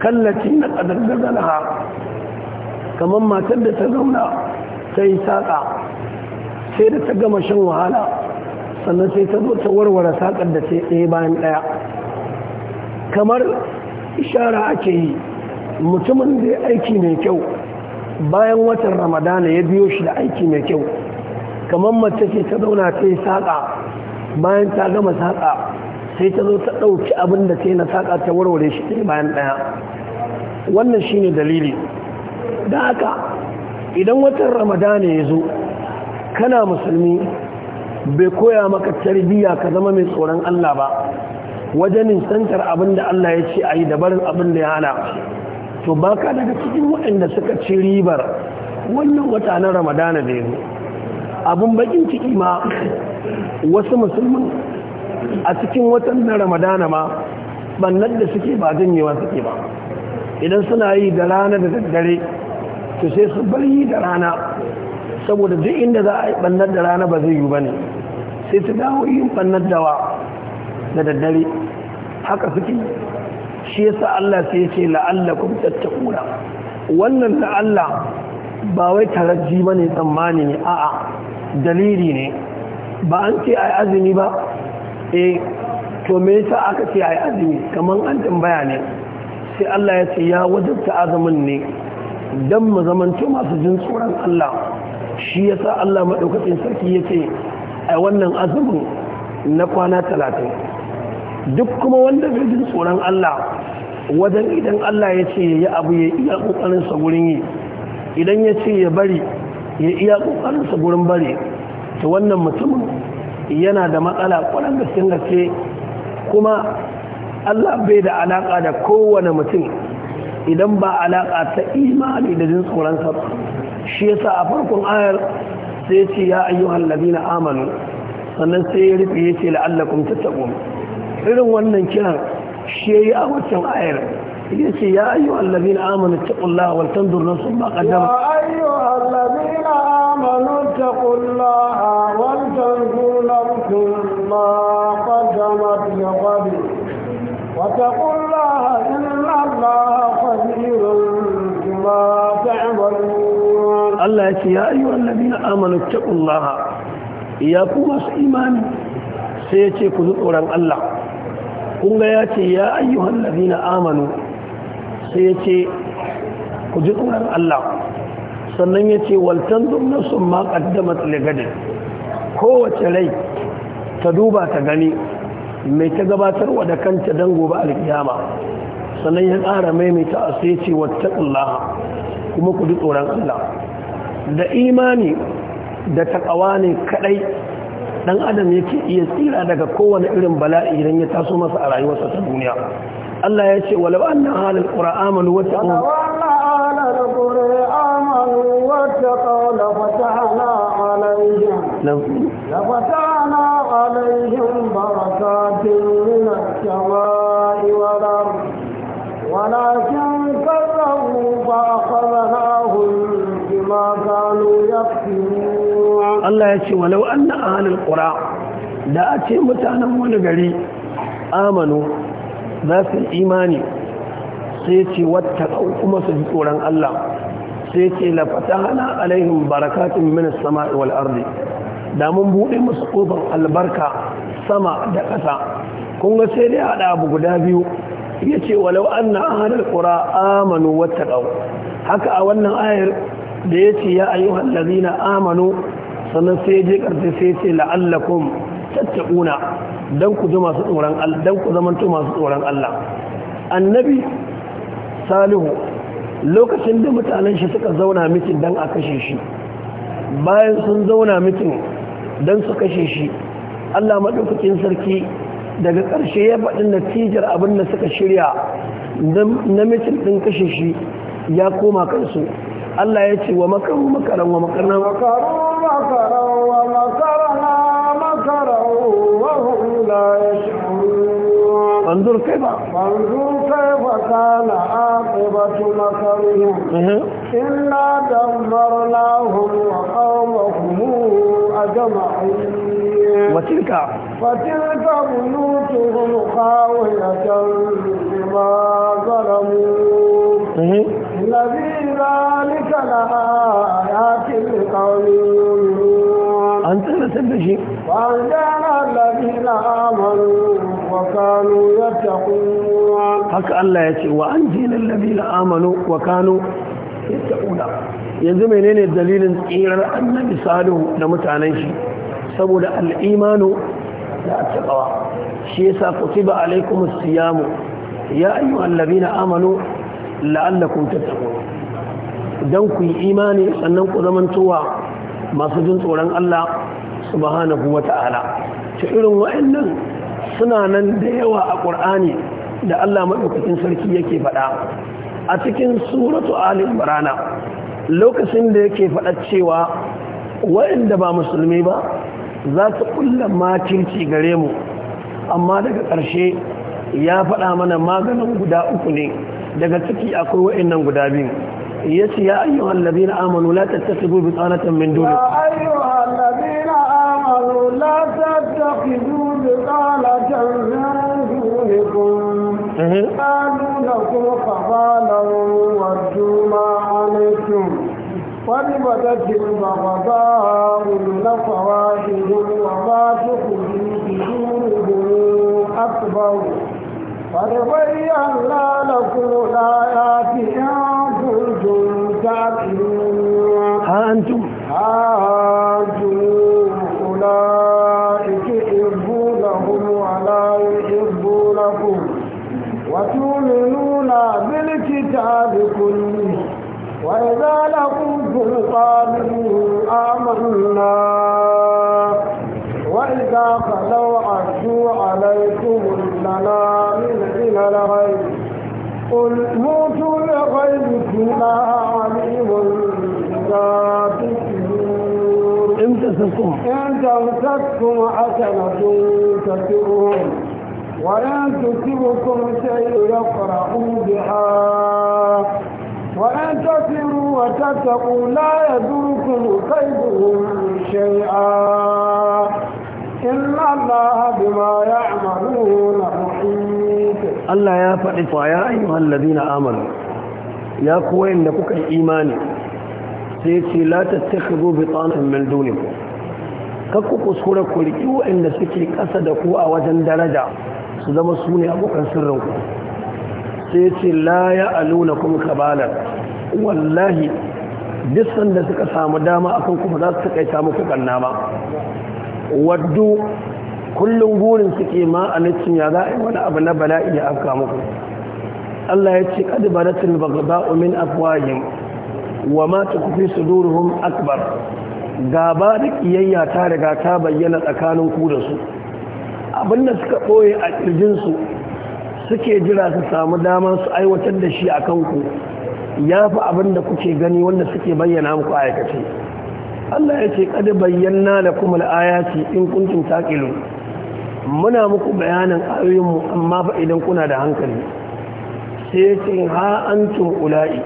kallaci na kadargazar ha kamar matar da ta zauna ta yi saƙa sai da ta gama shan wahala sannan sai ta zo ta warware saƙar da ta ɗaya bayan ɗaya kamar ishara ake yi mutumin da ya aiki mai kyau bayan watan ramadana ya biyo shi da aiki mai kyau kamar mace ce ta zauna ta yi saƙa bayan ta gama saƙa sai ta zo ta ɗauki abin da ta yi na saƙa ta warware shi ta bayan ɗaya wannan shi ne dalili da haka idan watan ramadana ya zo kana musulmi bai koya maka tarbiyya ka zama mai tsoron Allah ba wajen nisantar abin da Allah ya ce a yi dabarin abin da ya hana to baka daga cikin waɗanda suka ci ribar wannan wata na ramadana da ya zo abun bakin ciki ma wasu musulman a cikin watan na ramadana ma bannan da suke ba janyewa suke ba idan suna yi da rana da daddare to sai su bar yi da rana saboda duk inda za a yi bannan da rana ba zai yi ba ne sai su dawo yin bannan da daddare haka suke shi yasa Allah sai ce la'allakum tattaquna wannan la'alla ba wai taraji ne tsammani ne a'a dalili ne ba an ce yi azumi ba eh to me yasa aka ce a yi azumi kaman an tambaya ne sai Allah ya ce ya wajabta azumin ne dan mu zamanto masu jin tsoron Allah shi yasa Allah madaukakin sarki yace ai wannan azumin na kwana talatin duk kuma wanda bai jin tsoron Allah wajen idan Allah yace ce ya abu ya iya kokarin sa gurin yi idan yace ya bari ya iya kokarinsa gurin bari ta wannan mutumin yana da matsala kwanan gaske gaske kuma Allah bai da alaka da kowane mutum idan ba alaƙa ta imani da jin tsoronsa ba shi yasa a farkon ayar sai ya ce ya ayyuhan ladina amanu sannan sai ya rufe ya ce la'allakun tattaqun irin wannan kiran shi ya yi a wacin ayar ya ayyuhal ladina amanu taqullaha wal tanzur nafsun ma qaddamat ya ayyuhal ladina amanu taqullaha wal tanzur nafsun ma qaddamat lighad wa taqullaha inna allaha khabirun bima ta'malun Allah yace ya ayyuhal ladina amanu taqullaha ya ku masu imani sai yace ku tsoron Allah kun ya ce ya ayyuhan ladina amanu sai ya ce ku ji tsoron Allah sannan ya ce waltan na sun ma ƙaddama tsiligadin kowace rai ta duba ta gani mai ta gabatarwa da kanta don gobe alkiyama sannan ya ƙara maimaita a sai ce Allah kuma ku ji tsoron Allah da imani da taƙawa ne kaɗai ɗan adam yake iya tsira daga kowane irin bala'i idan ya taso masa a rayuwarsa ta duniya Allah ya ce wale wa'an nan halin ƙura'amun wata ƙun Allah an na ahalin ƙura mutanen wani gari amanu za su imani sai ce wata kuma su ji tsoron Allah sai ce lafatana alaihim barakatun min as-sama'i wal ardi da mun bude musu albarka sama da ƙasa kun ga sai dai hada abu guda biyu yace walau anna ahlul qura amanu wattaqu haka a wannan ayar da yace ya ayyuhal na amanu sannan sai je karfe sai ce la'allakum tattaquna don ku zama masu tsoron Allah zamanto masu tsoron Allah annabi salihu lokacin da mutanen shi suka zauna mitin don a kashe shi bayan sun zauna mitin don su kashe shi Allah maɗaukakin sarki daga ƙarshe ya faɗi natijar abin da suka shirya na mitin ɗin kashe shi ya koma kansu Allah ya ce wa makaru makaran wa makaran wa wa كرهوا وهم لا يشعرون انظر كيف انظر كيف كان عاقبة مكرهم إنا دمرناهم وقومهم أجمعين وتلك فتلك بيوتهم خاوية بما ظلموا في ذلك لآيات لقوم an tsirratar da shi haka Allah ya ce wa an jinin labina amanu wa kano ya ta'una yanzu mai menene dalilin tsirar annabi salihu da mutanen shi saboda al'imanu da a taɓawa shi ya sa yasa kutiba alaikum siyamu ya ayyuhal labina amanu la'allakum ta dan ku yi imani sannan ku zamantowa masu jin tsoron Allah subhanahu wa ta'ala ta irin wa'annan suna nan da yawa a ƙur'ani da Allah maɗaukakin sarki yake faɗa a cikin suratu ali imrana lokacin da yake faɗa cewa wa'anda ba musulmi ba za su ƙulla makirci gare mu amma daga ƙarshe ya faɗa mana maganin guda uku ne daga ciki akwai wa'annan guda biyu يس يا أيها الذين آمنوا لا تتخذوا بطانة من دونكم يا أيها الذين آمنوا لا تتخذوا بطانة من دونكم قالوا لكم خبالا وارجوا ما عنتم قد بدت البغضاء من أفواههم وما تخفي أكبر قد بينا لكم الآيات تتعبدون ها أنتم ها أنتم أولئك يحبونهم ولا يحبونكم وتؤمنون بالكتاب كله وإذا لقوكم قالوا آمنا وإذا خلوا عدوا عليكم لنا من إلى الغيب قل موتوا الغيب فيما عليم ذات إن تمسككم إن تمسككم حسنة تسرهم وإن تصبكم شيء يفرحوا بها وأن تكفروا وتتقوا لا يدركم كيدهم شيئا إن الله بما يعملون محيط Allah ya faɗi fa ya ayyuhal na amanu ya kuwa inda kuka yi imani sai ce la tattakhudhu bi ta'atin kakku kuskura ku riki wa'anda suke ƙasa da ku a wajen daraja su zama su ne abokan sirrinku. ku sai ce la ya nuna kuma kabalar wallahi duk sanda suka samu dama akan kuma za su takaita muku kanna ba waddu kullum burin suke ma a nacin ya za a yi wani abu na bala'i ya afka muku Allah ya ce kadu baratun baghda'u min afwahim wa ma su durhun akbar gaba da kiyayya ta riga ta bayyana tsakanin ku da su abinda suka ɓoye a ƙirjinsu suke jira su samu dama su aiwatar da shi a kanku ya fi abinda kuke gani wanda suke bayyana muku aikace Allah ya ce kada bayyana da kuma al'ayati in kuntum taqilun muna muku bayanin ayoyinmu amma fa idan kuna da hankali sai ce ha antum ula'i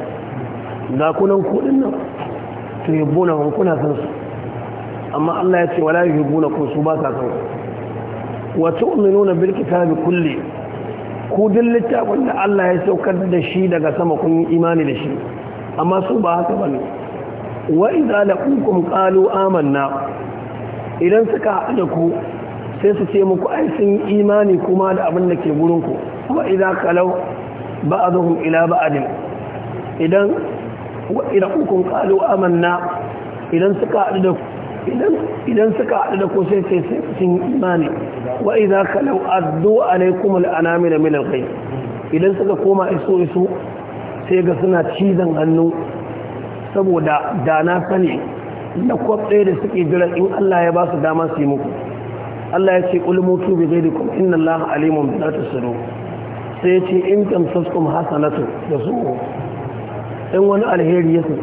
ga kunan kudin nan to yabbuna hun kuna san su amma Allah ya ce wala yuhibbuna kun su ba sa san wa tu'minuna bil kitabi kulli ku littafin da Allah ya saukar da shi daga sama kun yi imani da shi amma su ba haka bane wa idza laqukum qalu amanna idan suka haɗa ku sai su ce muku ai sun imani kuma da abin da ke gurinku wa idan kalau ba'aduhum ila ba'adin idan idan kun kalu amanna idan suka haɗu da idan idan suka haɗu da ku sai sai sun imani wa idan kalau addu alaikum al'anamil min al-qayb idan suka koma iso iso sai ga suna cizon hannu saboda da na sani na kwaf ɗaya da suke jira in Allah ya ba su dama su yi muku Allah ya ce qul mutu bi ghayrikum inna Allah alimun bi dhati sudur sai ya ce in tamsaskum hasanatu su. in wani alheri ya yake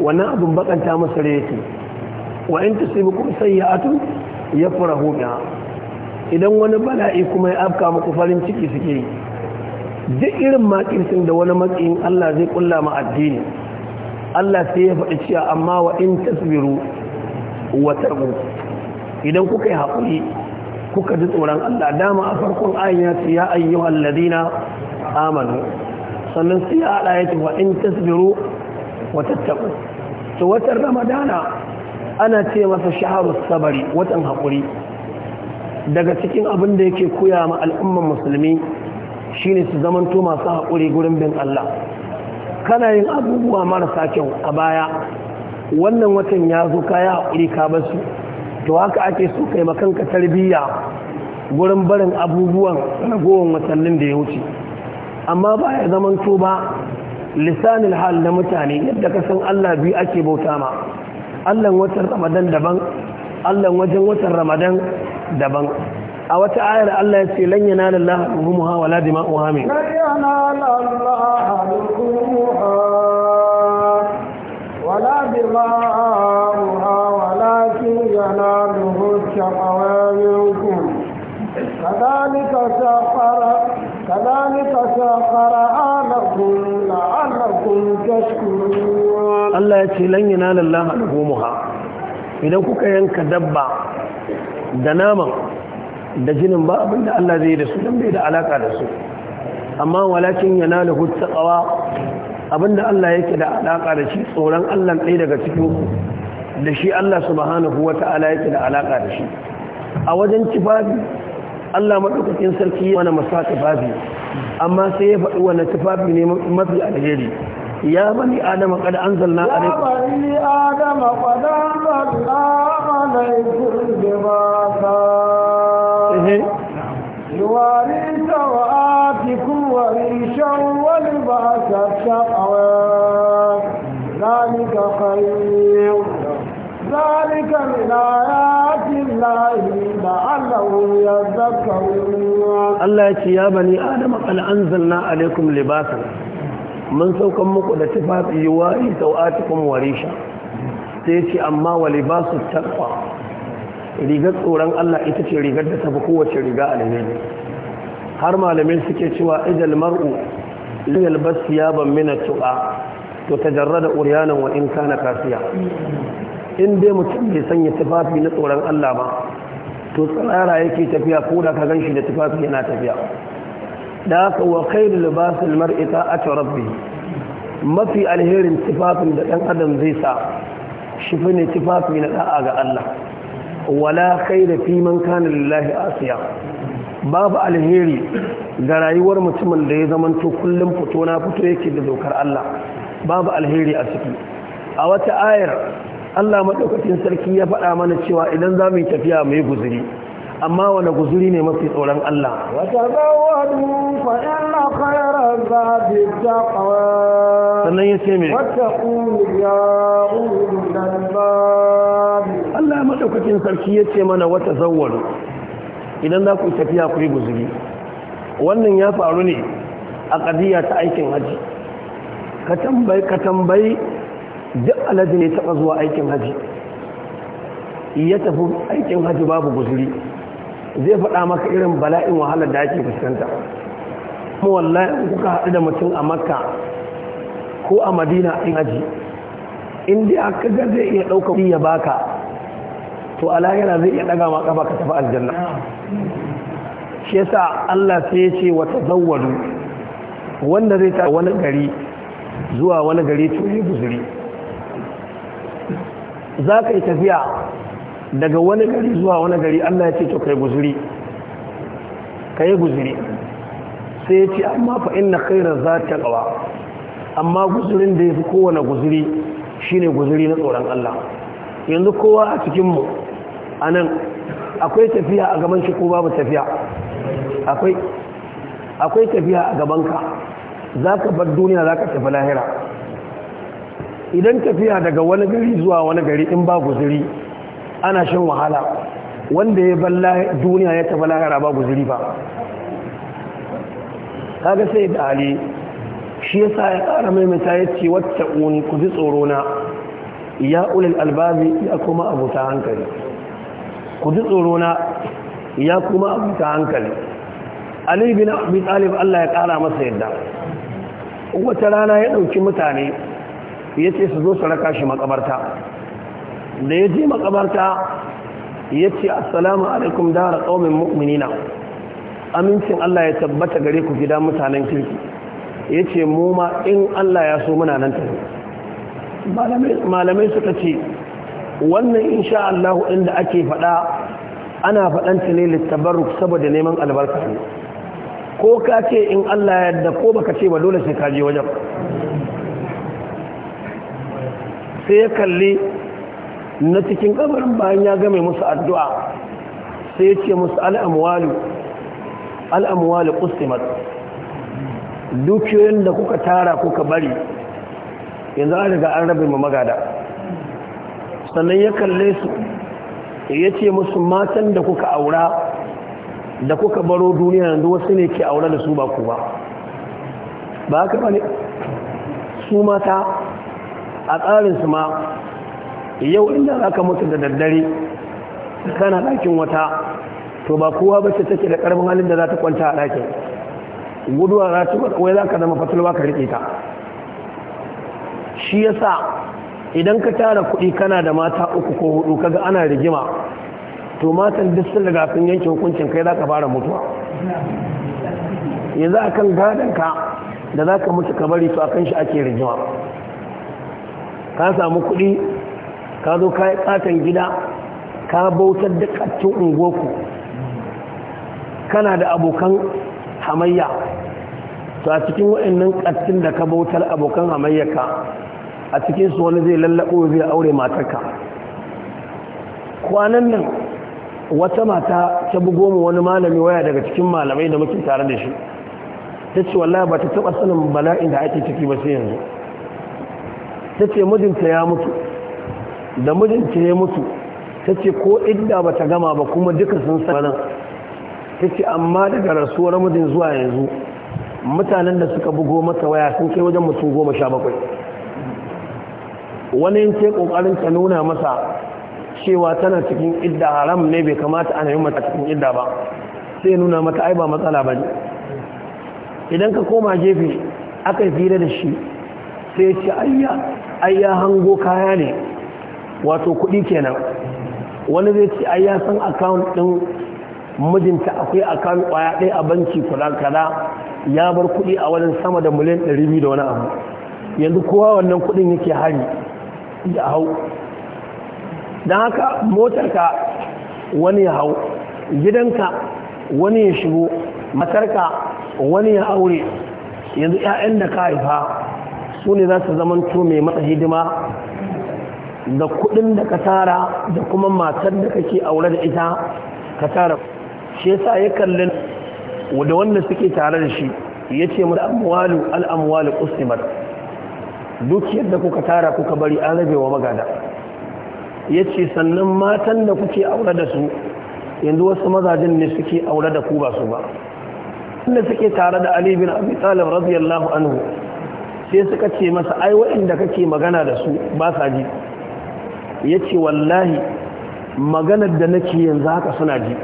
wannan abin bakanta masa rai yake wa in tusibukum sayyi'atun yafrahu biha idan wani bala'i kuma ya afka muku farin ciki suke yi duk irin makircin da wani matsayin Allah zai kulla ma addini Allah sai ya faɗi cewa amma wa in tasbiru wa tarbu idan kuka yi haƙuri kuka ji tsoron Allah dama a farkon ayyar ya ya ayyu ladina amanu sannan sai ya haɗa ya ce wa in tasbiru wa to watan ramadana ana ce masa shaharu sabari watan haƙuri daga cikin abin da yake koya ma al'umman musulmi shine su zamanto masu haƙuri gurin bin Allah kana yin abubuwa marasa kyau a baya wannan watan ya zo kaya haƙuri ka basu to haka ake so kai makanka tarbiyya gurin barin abubuwan ragowar watannin da ya wuce amma ba ya zaman to ba lisanin hal na mutane yadda ka san Allah biyu ake bauta ma Allah watan Ramadan daban Allah wajen watan Ramadan daban a wata ayar Allah ya ce lan yana Allah ruhumuha wala dima'uha min ولا دماؤها ولكن يناله التقوى منكم كذلك سخر كذلك سخر آلكم لعلكم تشكرون الله يتي لن ينال الله لحومها idan kuka yanka dabba da naman da jinin ba abinda Allah zai da su don bai da alaka da su amma walakin yana da abinda Allah yake da alaka da shi tsoron Allah ɗaya daga cikin da shi Allah subhanahu wata'ala yake da alaka da shi a wajen tifafi Allah madaukakin sarki wani masa tifafi amma sai ya faɗi wani tifafi ne mafi alheri يا Adama آدم قد أنزلنا عليكم يا بني آدم قد أنزلنا عليكم لباسا يواري سواد الريشا والبعث التقوى ذلك خير ذلك من آيات الله لعله يذكرون الله يا بني آدم قال أنزلنا عليكم لباسا من سوكم muku تفاق يوائي سوآتكم وريشا warisha أما ولباس amma rigar tsoron Allah ita ce rigar da tafi kowace riga alheri har malamin suke cewa ijal mar'u liyal bas yaban min tuqa to tajarrada uryanan wa in kana kasiya in dai mutum bai sanya tufafi na tsoron Allah ba to tsara yake tafiya ko da ka ganshi da tufafi yana tafiya da haka wa libas al mar'i ta'atu rabbi mafi alherin tufafin da dan adam zai sa shi ne tufafi na da'a ga Allah wala khairu fi man kana lillahi asiya babu alheri ga rayuwar mutumin da ya zamanto kullum fito na fito yake da dokar Allah babu alheri a ciki a wata ayar Allah madaukakin sarki ya faɗa mana cewa idan za mu yi tafiya mu yi guzuri amma wani guzuri ne mafi tsoron Allah sannan ya ce mai Allah madaukakin sarki ya ce mana wata zawwaru idan za ku yi tafiya ku yi guzuri wannan ya faru ne a ƙadiyya ta aikin haji ka tambayi ka tambayi duk alhaji ne taɓa zuwa aikin haji ya tafi aikin haji babu guzuri zai faɗa maka irin bala'in wahala da ake fuskanta kuma wallahi kuka haɗu da mutum a makka ko a madina in haji inda aka ga zai iya ɗaukar ya baka to a lahira zai iya daga ma kafa ka tafi aljanna shi yasa Allah sai ya ce wa tazawwadu wanda zai ta wani gari zuwa wani gari to yi guzuri za ka yi tafiya daga wani gari zuwa wani gari Allah ya ce to kai guzuri kai guzuri sai ya ce amma fa inna khairar za ta gawa amma guzurin da ya fi kowane guzuri shine guzuri na tsoron Allah yanzu kowa a cikinmu a nan akwai tafiya a gaban shi ko babu tafiya akwai tafiya a ka za ka bar duniya za ka tafi lahira idan tafiya daga wani gari zuwa wani gari in ba guziri ana shan wahala wanda ya bar duniya ya tafi lahira ba guziri ba kaga sai da ali shi yasa ya kara maimaita ya ce wata ku ji tsoro na ya ulil albabi ya kuma abuta hankali ku ji tsoro na ya kuma abuta hankali bi na abi talib Allah ya kara masa yadda wata rana ya dauki mutane ya ce su zo su raka shi makabarta da ya je makabarta ya ce assalamu alaikum dara tsawon mu'minina amincin Allah ya tabbata gare ku gida mutanen kirki ya ce mu ma in Allah ya so muna nan tafi malamai suka ce wannan insha Allah inda ake faɗa ana faɗanta ne littabaruk saboda neman albarka ne ko ka ce in Allah ya yarda ko baka ce ba dole sai ka je wajen sai ya kalli na cikin kabarin bayan ya game musu addu'a sai ya ce musu al'amwalu al'amwalu ƙustimat dukiyoyin da kuka tara kuka bari yanzu an riga an rabe ma magada sannan ya kalle su ya ce musu matan da kuka aura da kuka baro duniya yanzu wasu ne ke aure da su ba ku ba ba haka ba ne su mata a tsarinsu ma yau inda za ka mutu da daddare kana ɗakin wata to ba kowa ba ce take da ƙarfin halin da za ta kwanta a ɗakin guduwa za ta wai za ka zama fatalwa ka riƙe ta shi ya sa idan ka tara kuɗi kana da mata uku ko hudu kaga ana rigima to matan duk sun daga sun yanke hukuncin kai za ka fara mutuwa yanzu a kan ka da za ka mutu ka bari to a kan shi ake rigima ka samu kuɗi ka zo ka yi katon gida ka bautar da kacin ungoku kana da abokan hamayya to a cikin waɗannan kaccin da ka bautar abokan hamayyarka a cikinsu wani zai lallaɓo zai aure matarka kwanan nan wata mata ta bugo mu wani malami waya daga cikin malamai da muke tare da shi ta ce wallahi ba ta taɓa sanin bala'in da ake ciki ba sai yanzu ta ce mijinta ya mutu da mijinta ya mutu ta ce ko idda ba ta gama ba kuma duka sun sanar ta ce amma daga rasuwar mijin zuwa yanzu mutanen da suka bugo mata waya sun kai wajen mutum goma sha bakwai wani ke kokarin ka nuna masa cewa tana cikin idda haram ne bai kamata ana yi mata cikin idda ba sai nuna mata ai ba matsala ba idan ka koma gefe aka yi fira da shi sai ce ayya hango kaya ne wato kuɗi kenan wani zai ce ayya san akawun ɗin mijinta akwai akawun kwaya ɗaya a banki kula-kala ya bar kuɗi a wajen sama da miliyan 200 da wani abu yanzu kowa wannan kuɗin yake hari a hau don haka motarka wani ya hau gidanka wani ya shigo matarka wani ya aure yanzu 'ya'yan da ka haifa su ne za su zamanto mai mata hidima da kudin da ka tara da kuma matar da kake aure da ita ka tara shi yasa ya kalli da wanda suke tare da shi ya ce mu da amwalu al'amwalu duk yadda kuka tara kuka bari an rabe wa magada ya ce sannan matan da kuke aure da su yanzu wasu mazajen ne suke aure da ku ba su ba wanda suke tare da Ali bin Abi Talib radiyallahu anhu sai suka ce masa ai waɗanda kake magana da su ba sa ji ce wallahi maganar da nake yanzu haka suna ji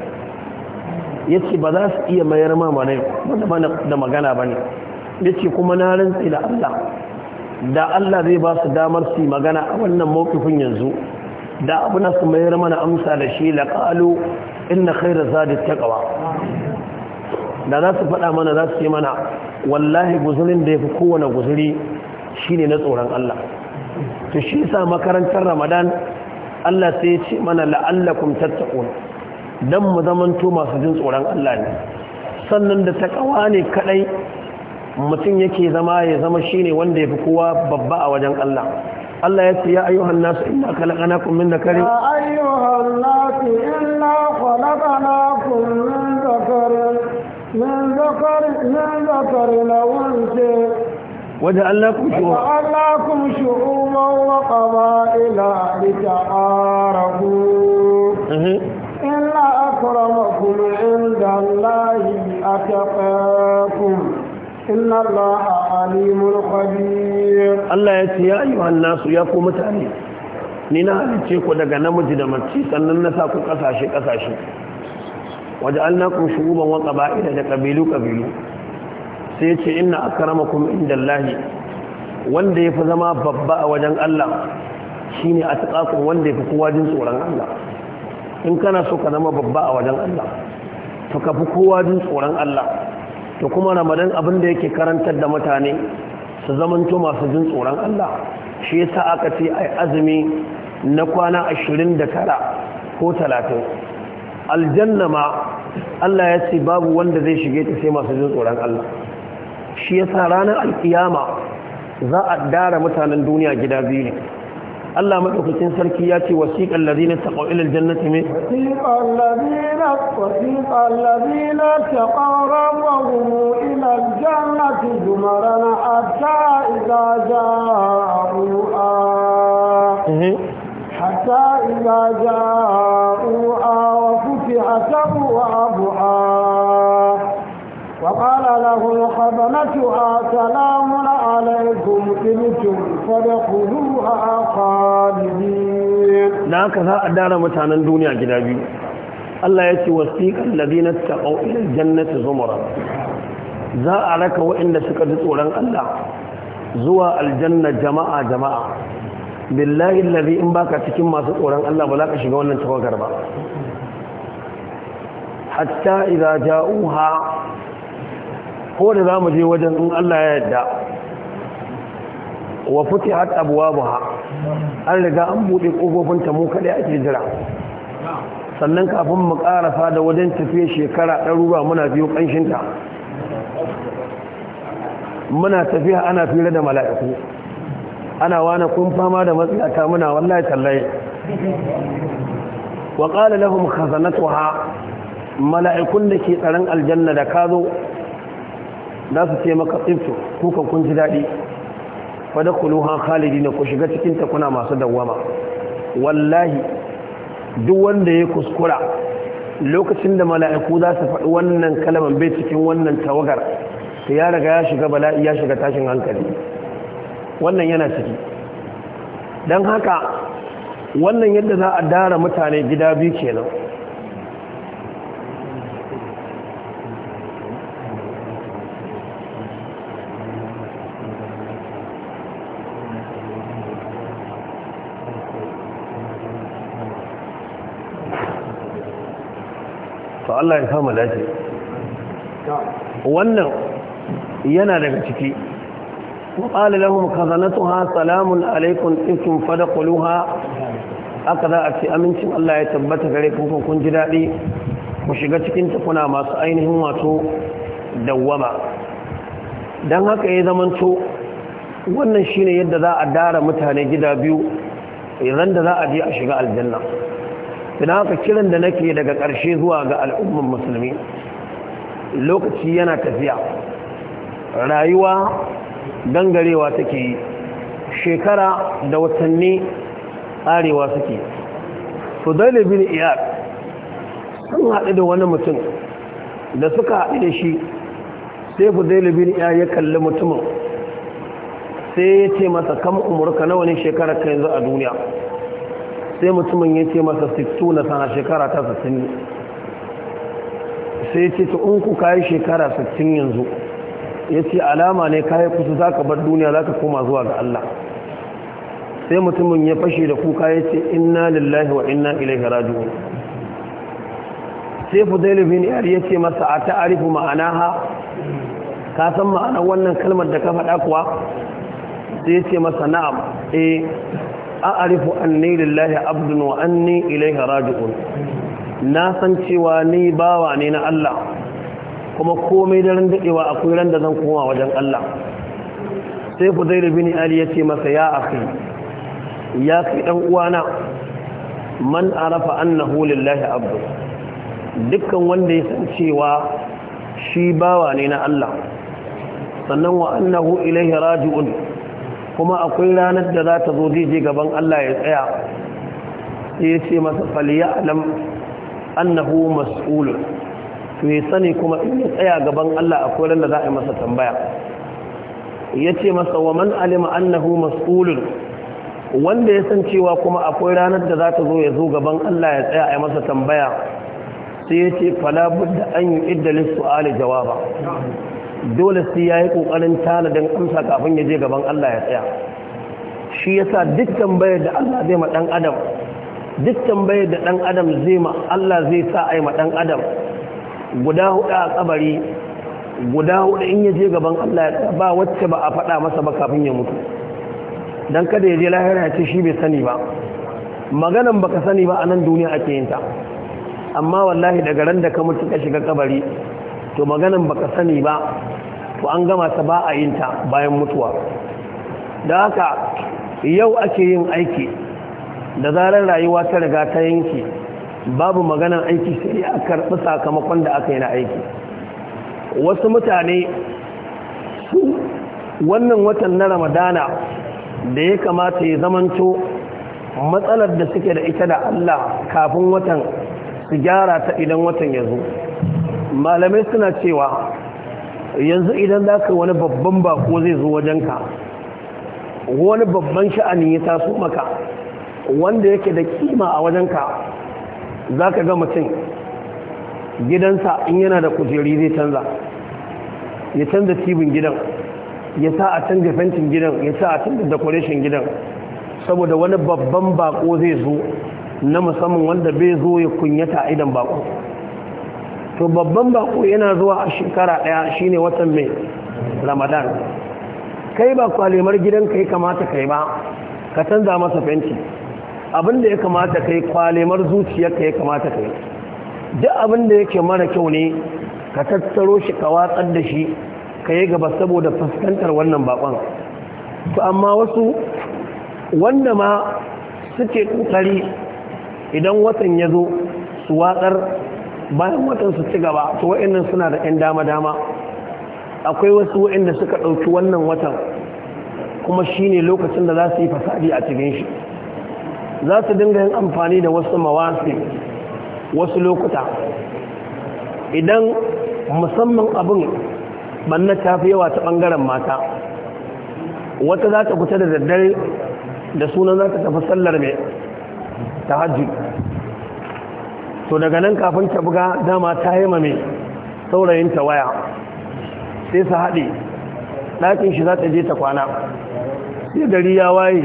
Ya ce ba za su iya mayar ma magana da magana Ya ce kuma na rantsi da Allah da Allah zai ba su damar su magana a wannan mokifin yanzu da abu na su mayar mana amsa da shi laqalu inna khayra zadi taqwa da za su faɗa mana za su yi mana wallahi guzurin da ya fi kowane guzuri shine na tsoron Allah to shi sa makarantar Ramadan Allah sai ya ce mana la'allakum tattaqun dan mu zamanto masu jin tsoron Allah ne sannan da takawa ne kadai mutum yake zama ya zama shine wanda yafi kowa babba a wajen Allah Allah ya ce ya ayyuhan nasu inna khalaqnakum min dhakarin ya ayyuhan nasu inna khalaqnakum min dhakarin min dhakarin min dhakarin aw unsa وجعلناكم شعوبا وجعلناكم شعوبا وقبائل لتعارفوا إن أكرمكم عند الله أتقاكم inna Allah alimul khabir Allah ya ce ya ayyuhan nasu ya ku mutane ni na halice ku daga namiji da mace sannan na sa ku kasashe kasashe Waje na waja'alnakum shu'uban wa qaba'ila da ƙabilu-ƙabilu sai ya ce inna akramakum indallahi wanda ya fi zama babba a wajen Allah shine atqakum wanda ya fi kowa jin tsoron Allah in kana so ka zama babba a wajen Allah to ka fi kowa jin tsoron Allah to kuma ramadan abin da yake karantar da mutane su zamanto masu jin tsoron Allah shi yasa aka ce ai azumi na kwana 29 ko 30 aljanna ma Allah ya ce babu wanda zai shige ta sai masu jin tsoron Allah shi yasa ranar alkiyama za a dara mutanen duniya gida biyu ne Allah madaukakin sarki ya ce wasiqal ladina taqaw ila aljannati me wasiqal ladina wasiqal ladina taqaw rabbuhum ila aljannati zumaran hatta idza ja'u حتى إذا جاءوا وفتحت أبوابها فقال له الخزنة سلام عليكم إنتم فدخلوها خالدين ناك ذا أدار متانا دنيا جنابي Allah ya ce wasiƙan ladina taqaw ila jannati zumara za a raka waɗanda suka ji tsoron Allah zuwa aljanna jama'a jama'a billahi allazi in baka cikin masu tsoron Allah ba za ka shiga wannan tawagar ba hatta idza ja'uha ko da za mu je wajen in Allah ya yadda wa fuki har abuwa buha an riga an buɗe ƙofofin ta mu kaɗai ake jira sannan kafin mu ƙarasa da wajen tafiye shekara ɗaruruwa muna biyo ƙanshinta muna tafiya ana fira da mala'iku ana wani kun fama da matsiyata muna wallahi tallaye wa ƙala lahum khazanatuha mala'ikun da ke tsaron aljanna da ka zo za su ce maka tsibtu kukan kun ji daɗi fada kuluhan khalidi na ku shiga cikinta kuna masu dawwama wallahi duk wanda ya kuskura lokacin da mala'iku za su faɗi wannan kalaman bai cikin wannan tawagar ta ya riga ya shiga bala'i ya shiga tashin hankali wannan yana ciki don haka wannan yadda za a dara mutane gida biyu kenan Allah ya samu dace wannan yana daga ciki وقال لهم خزنتها سلام عليكم انتم فدخلوها aka a ce amincin Allah ya tabbata gare kun kun ji daɗi ku shiga cikin kuna masu ainihin wato dawwama don haka ya zamanto wannan shine yadda za a dara mutane gida biyu idan da za a je a shiga aljanna ina haka kiran da nake daga ƙarshe zuwa ga al'ummar musulmi lokaci yana tafiya rayuwa dangarewa take yi shekara da watanni arewa suke fudali bin iyak sun haɗu da wani mutum da suka haɗu da shi sai fudali bin iya ya kalli mutumin sai ya ce masa kama umurka na wani shekarar ka yanzu a duniya sai mutumin ya ce masa 60 na sana shekara ta 60 sai ce ta unku kayi shekara 60 yanzu ya ce alama ne kayi kusa za ka bar duniya za ka koma zuwa ga Allah sai mutumin ya fashe da kuka ya ce inna lillahi wa inna ilaihi raji'un sai fudailu bin yari ya ce masa a ta'arifu ma'anaha ka san ma'anar wannan kalmar da ka faɗa kuwa sai ya ce masa na'am eh a'arifu anni lillahi abdun wa anni ilaihi raji'un na san cewa ni bawa ne na Allah kuma komai daren dadewa akwai ran da zan koma wajen Allah sai Fudayl bin Ali yace masa ya akhi ya kai dan uwana man arafa annahu lillahi abdu dukkan wanda ya san cewa shi bawa ne na Allah sannan wa annahu ilaihi raji'un kuma akwai ranar da za ta zo je gaban Allah ya tsaya sai ya ce masa faliya alam annahu mas'ulun. to ya sani kuma in ya tsaya gaban Allah akwai ranar da za a yi masa tambaya ya ce masa wa man alima annahu mas'ulun. wanda ya san cewa kuma akwai ranar da za ta zo ya zo gaban Allah ya tsaya a yi masa tambaya sai ya ce falabud da an yi iddalis su'ali jawaba dole sai ya yi ƙoƙarin don amsa kafin ya je gaban Allah ya tsaya shi ya sa duk tambayar da Allah zai ma ɗan adam duk tambayar da ɗan adam zai ma Allah zai sa a yi ma ɗan adam guda huɗu a ƙabari guda huɗu in ya je gaban Allah ya tsaya ba wacce ba a faɗa masa ba kafin ya mutu don kada ya je lahira ya ce shi bai sani ba maganan baka sani ba a nan duniya ake yin ta amma wallahi daga ran da ka mutu ka shiga kabari to maganan baka sani ba to an gama ta ba a yin ta bayan mutuwa da haka yau ake yin aiki da zarar rayuwa ta riga ta yanki babu maganar aiki sai a karɓi sakamakon da aka yi na aiki wasu mutane su wannan watan na ramadana da ya kamata ya zamanto matsalar da suke da ita da Allah kafin watan su gyara ta idan watan ya zo malamai suna cewa yanzu idan za ka wani babban bako zai zo wajenka wani babban sha'ani ya taso maka wanda yake da kima a wajenka za ka ga mutum gidansa in yana da kujeri zai canza ya canza tibin gidan ya sa a canza fentin gidan ya sa a canza decoration gidan saboda wani babban bako zai zo na musamman wanda bai zo ya kunyata idan bako to babban bako yana zuwa a shekara daya shine watan mai ramadan kai ba kwalemar gidanka kai kamata kai ba ka canza masa fenti abinda ya kamata kai kwalemar zuciyarka kai kamata kai duk abinda yake mara kyau ne ka tattaro shi ka watsar da shi ka yi gaba saboda fuskantar wannan bakon to amma wasu wanda ma suke kokari idan watan ya zo su watsar bayan waɗansu ci gaba to wa'annan suna da 'yan dama-dama akwai wasu wa'anda suka ɗauki wannan watan kuma shi ne lokacin da za su yi fasadi a cikin shi za su dinga yin amfani da wasu mawasi wasu lokuta idan musamman abin banna ta fi yawa ta ɓangaren mata wata za ta fita da daddare da sunan za ta tafi sallar mai ta hajji to daga nan kafin ka buga dama ta yi mame saurayinta waya sai su haɗe ɗakin shi za ta je ta kwana sai gari ya waye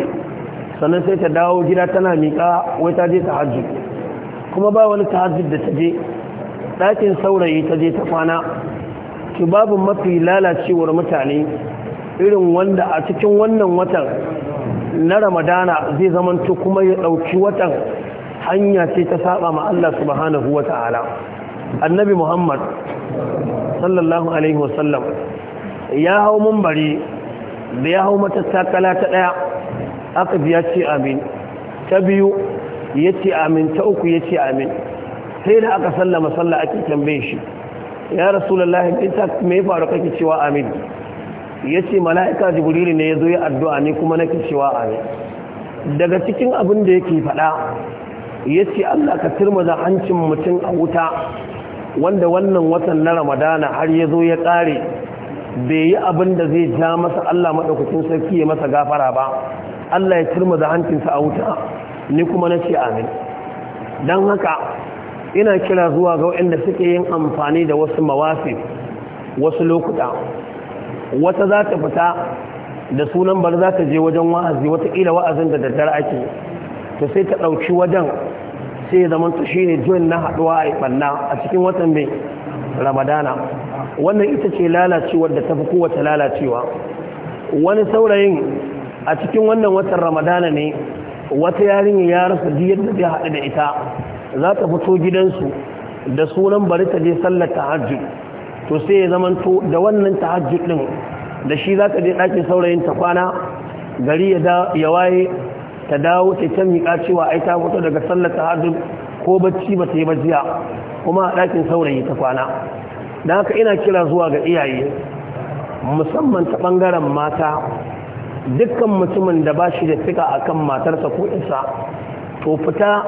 sannan sai ta dawo gida tana miƙa wai ta je ta hajji kuma ba wani ta hajji da ta je ɗakin saurayi ta je ta kwana ki babu mafi lalacewar mutane irin wanda a cikin wannan watan na ramadana zai zamanto kuma ya ɗauki watan hanya ce ta saba ma Allah subhanahu wa ta'ala annabi Muhammad sallallahu alaihi wasallam ya hau mumbari da ya hau matattakala ta ɗaya. aka biya ce amin ta biyu ya ce amin ta uku ya ce amin sai da aka sallama sallah ake tambaye shi ya rasulullahi me ya faru kake cewa amin ya ce mala'ika jibrilu ne ya zo ya addu'a ne kuma nake cewa amin daga cikin abin da yake faɗa ya ce Allah ka turmaza hancin mutum a wuta wanda wannan watan na ramadana har ya zo ya ƙare bai yi abin da zai ja masa Allah maɗaukacin sarki ya masa gafara ba Allah ya turmaza hancinsa a wuta ni kuma na ce amin don haka ina kira zuwa ga waɗanda suke yin amfani da wasu mawafi wasu lokuta wata za ta fita da sunan bar za ta je wajen wa'azi wataƙila wa'azin da daddare ake to sai ta ɗauki wajen sai zaman ta shi ne juyin na haɗuwa a ɓanna a cikin watan mai ramadana wannan ita ce lalacewar da ta fi kowace lalacewa wani saurayin a cikin wannan watan ramadana ne wata yarinya ya rasa diyar da zai haɗu da ita za ta fito gidansu da sunan bari ta je sallar tahajju to sai ya zamanto da wannan tahajjud din da shi za ta je ɗakin saurayin ta kwana gari ya waye ta dawo ta can miƙa cewa ai ta fito daga sallar ta hajji ko bacci ba ta yi bajiya kuma a ɗakin saurayi ta kwana da haka ina kira zuwa ga iyaye musamman ta ɓangaren mata dukkan mutumin da ba shi da fika a kan matarsa ko isa to fita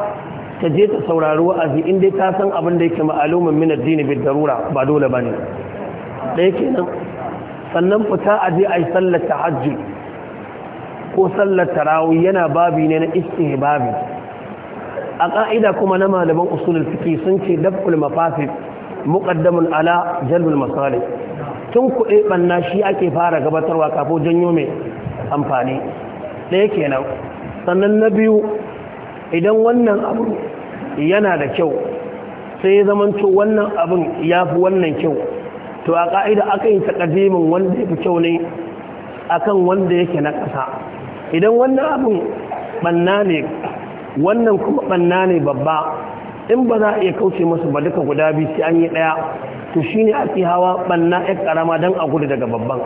ta je ta saurari wa'azi in dai ta san abin da yake ma'alumin min addini bai darura ba dole bane ɗaya kenan sannan fita a je a yi sallar hajji ko sallar tarawih yana babi ne na istihbabi a ka'ida kuma na malaman usulul fiqh sun ce daful mafasid muqaddamun ala jalbul masalih tun kuɗe banna shi ake fara gabatarwa kafo janyo mai amfani ɗaya kenan sannan na biyu idan wannan abu yana da kyau sai ya to wannan abin ya fi wannan kyau to a ƙa'ida aka yi takadimin wanda ya fi kyau ne akan wanda yake na ƙasa idan wannan abin banna ne wannan kuma banna ne babba in ba za a iya kauce masu ba duka guda biyu sai an yi ɗaya to shi ake hawa banna ya karama don a gudu daga babban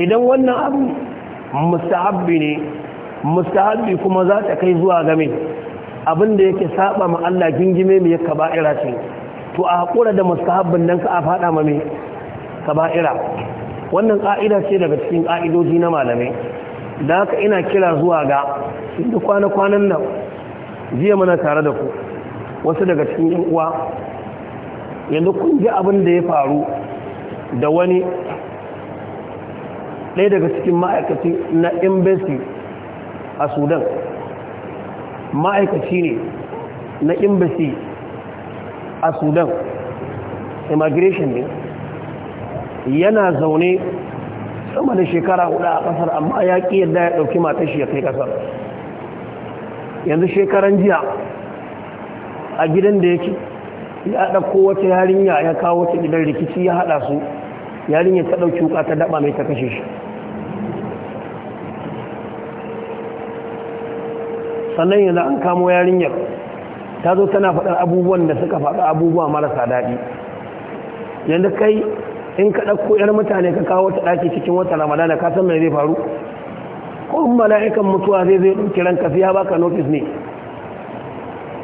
idan wannan abu mustahabbi ne mustahabbi kuma za ta kai zuwa game abinda yake saba ma Allah gingime mai ya kaba'ira ce to a haƙura da mustahabbin nan ka a ma mai kaba'ira wannan ƙa'ida ce daga cikin ƙa'idoji na malamai da haka ina kira zuwa ga duk kwana-kwanan nan jiya mana tare da ku wasu daga cikin yan uwa yanzu kun ji abin da ya faru da wani ɗaya daga cikin ma'aikaci na embassy a sudan ma'aikaci ne na embassy a sudan immigration ne yana zaune sama da shekara hudu a kasar amma ya ƙi yadda ya ɗauki matashi ya kai kasar yanzu shekaran jiya a gidan da yake ya ɗauko wata yarinya ya kawo wata gidan rikici ya haɗa su yarinya ta ɗauki wuka ta daɓa mai ta kashe shi sannan yanzu an kamo yarinyar ta zo tana faɗar abubuwan da suka faɗa abubuwa marasa daɗi yanzu kai in ka ɗauko ‘yar mutane ka kawo ta ɗaki cikin wata ramadana ka san mai zai faru ko in mala'ikan mutuwa zai zai ɗauki ranka sai ya baka notice ne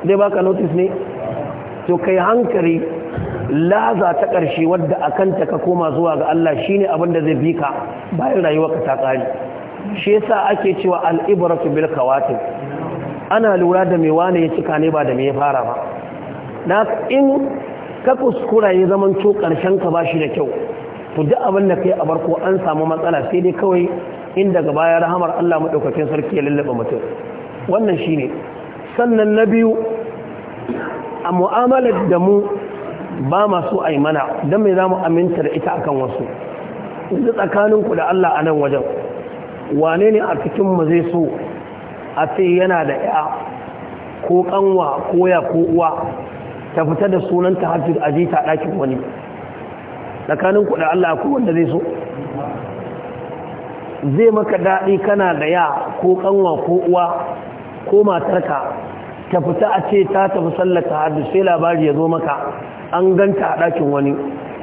zai baka notice ne to kai hankali laza ta ƙarshe wadda a kanta ka koma zuwa ga Allah shine abin da zai bi ka bayan ka ta ƙari shi yasa ake cewa al'ibratu bil kawatin ana lura da me wane ya cika ne ba da me ya fara ba na ka kuskura ya zaman to karshen ka bashi da kyau to duk abin da kai a barko an samu matsala sai dai kawai in daga baya rahamar Allah madaukakin sarki ya lullaba mutum wannan shine sannan na biyu a mu'amalar da mu ba masu ai mana don mai za mu aminta da ita akan wasu tsakanin tsakaninku da Allah a nan wajen wane ne a cikinmu zai so a ce yana da ya ko kanwa ko ya ko uwa ta fita da sunan ta hajjud a je ɗakin wani tsakanin kuɗa Allah ko wanda zai so zai maka daɗi kana da ya ko ƙanwa ko uwa ko matarka ta fita a ce ta tafi sallata hajjud sai labari ya zo maka an ganta a ɗakin wani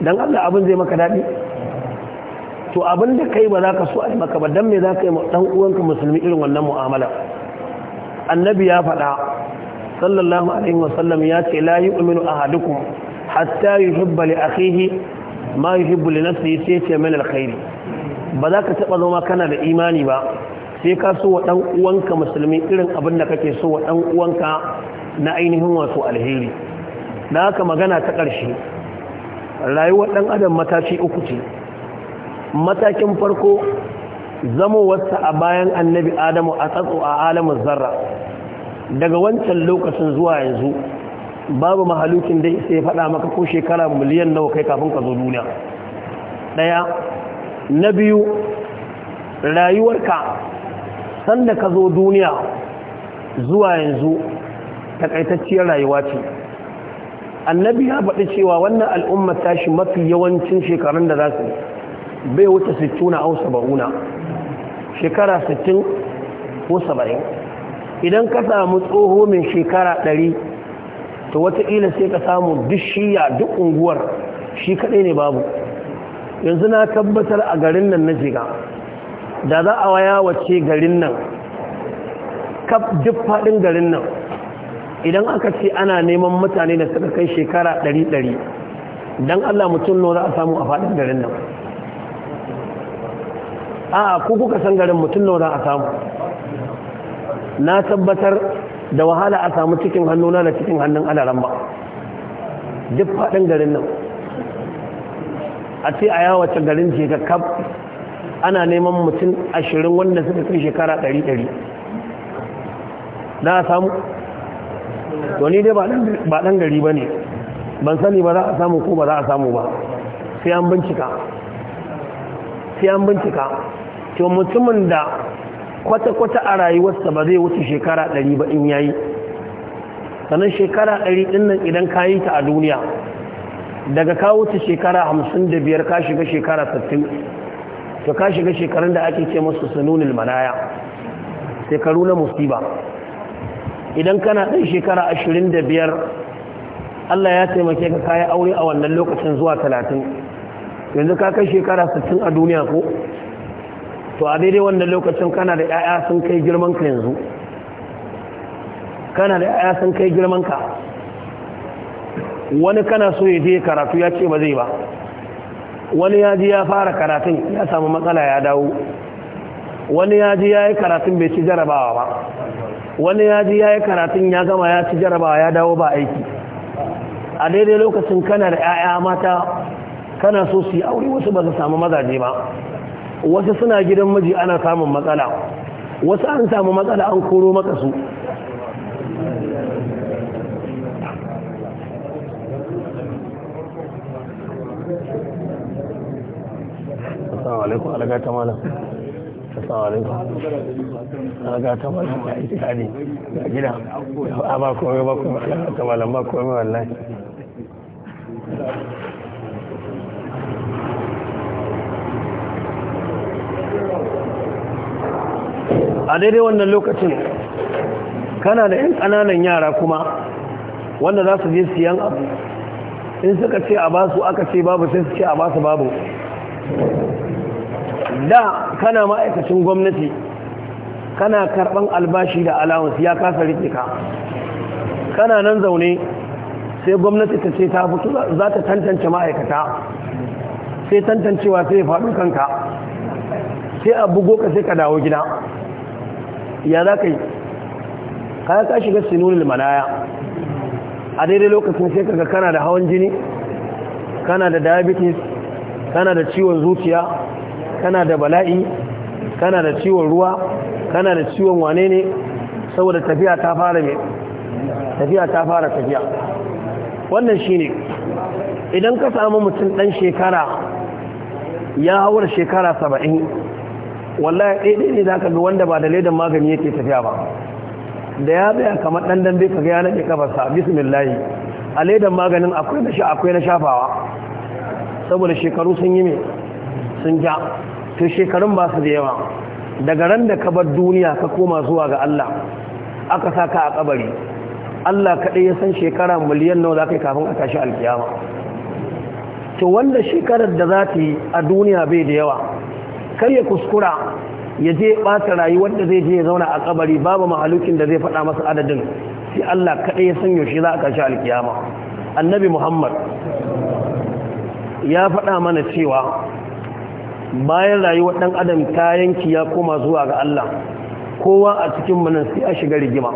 don Allah abin zai maka daɗi to abin da kai ba za ka so a yi maka ba don me za ka yi ɗan uwanka musulmi irin wannan mu'amala annabi ya faɗa sallallahu alaihi wasallam ya ce la yu'minu ahadukum hatta yuhibba li akhihi ma yuhibbu li na sai ce min alkhairi ba za ka taba zama kana da imani ba sai ka so wa ɗan uwanka musulmi irin abin da kake so wa ɗan uwanka na ainihin wasu alheri da haka magana ta ƙarshe rayuwar ɗan adam mataki uku ce matakin farko zamowarsa a bayan annabi adamu a tsatso a alamun zarra daga wancan lokacin zuwa yanzu babu mahalukin da sai ya faɗa maka ko shekara miliyan nawa kai kafin ka zo duniya ɗaya na biyu rayuwarka sanda ka zo duniya zuwa yanzu takaitacciyar rayuwa ce annabi ya faɗi cewa wannan al'umma tashi mafi yawancin shekarun da za su bai wuce 60 na au 70 shekara 60 ko 70 idan ka samu tsoho mai shekara ɗari to wataƙila sai ka samu duk shiya duk unguwar shi kaɗai ne babu yanzu na tabbatar a garin nan na jiga da za a waya wace garin nan kaf duk faɗin garin nan idan aka ce ana neman mutane da suka kai shekara ɗari ɗari don allah mutum no za a samu a faɗin garin nan a kuka san garin mutum no za a samu na tabbatar da wahala a samu cikin hannuna da cikin hannun ana ramba. duk faɗin garin nan a ce a yawace garin ce ga kaf ana neman mutum ashirin wanda suka kai shekara ɗari ɗari na samu wani dai ba ɗan gari ba ne ban sani ba za a samu ko ba za a samu ba sai an bincika sai an bincika to mutumin da kwata-kwata a rayuwarsa ba zai wuce shekara ɗari ba in yayi sannan shekara ɗari ɗin nan idan ka yi ta a duniya daga ka wuce shekara hamsin da biyar ka shiga shekara sittin to ka shiga shekarun da ake ce masu sanunin manaya shekaru na musiba idan kana ɗan shekara ashirin da biyar Allah ya taimake ka kayi aure a wannan lokacin zuwa talatin yanzu ka kai shekara sittin a duniya ko to a daidai wannan lokacin kana da 'ya'ya sun kai girman ka yanzu kana da 'ya'ya sun kai girman ka wani kana so ya je karatu ya ce ba zai ba wani ya ji ya fara karatun ya samu matsala ya dawo wani ya ji ya yi karatun bai ci jarabawa ba wani ya ji ya yi karatun ya gama ya ci jarabawa ya dawo ba aiki a daidai lokacin kana da 'ya'ya mata kana so su yi aure wasu ba su samu mazaje ba wasu suna gidan miji ana samun matsala wasu an samu matsala an koro maka su assalamu alaikum alaƙa ta malam assalamu alaikum alaga ta malam ya yi tsari ya gida a ba kome ba kome, alaga ta malam ba kome wallahi a daidai wannan lokacin kana da 'yan ƙananan yara kuma wanda za su je siyan abu in suka ce a ba su aka ce babu sai su ce a ba su babu da kana ma'aikacin gwamnati kana karɓan albashi da allowance ya kasa riƙe ka kana nan zaune sai gwamnati ta ce ta fito za ta tantance ma'aikata sai tantancewa sai ya faɗo kanka sai a bugo ka sai ka dawo gida ya za ka yi kaya ka shiga sinunin manaya a daidai lokacin sai kaga kana da hawan jini kana da diabetes kana da ciwon zuciya kana da bala'i kana da ciwon ruwa kana da ciwon wane ne saboda tafiya ta fara mai tafiya ta fara tafiya wannan shine idan ka samu mutum ɗan shekara ya haura shekara saba'in wallahi ɗaya ne zaka ga wanda ba da ledan magani yake tafiya ba da ya tsaya kamar ɗan dambe ka ga ya naɗe kafarsa bismillah a ledan maganin akwai na akwai na shafawa saboda shekaru sun yi me sun ja to shekarun ba su da yawa daga ran da ka bar duniya ka koma zuwa ga Allah aka saka a kabari Allah kaɗai ya san shekara miliyan nawa zaka yi kafin a tashi alkiyama to wanda shekarar da za yi a duniya bai da yawa kar ya kuskura ya je ɓata rayuwar da zai je ya zauna a kabari babu mahalukin da zai faɗa masa adadin sai Allah kaɗai ya san yaushe za a kashi alkiyama annabi muhammad ya faɗa mana cewa bayan rayuwar ɗan adam ta yanki ya koma zuwa ga Allah kowa a cikin manan sai a shiga rigima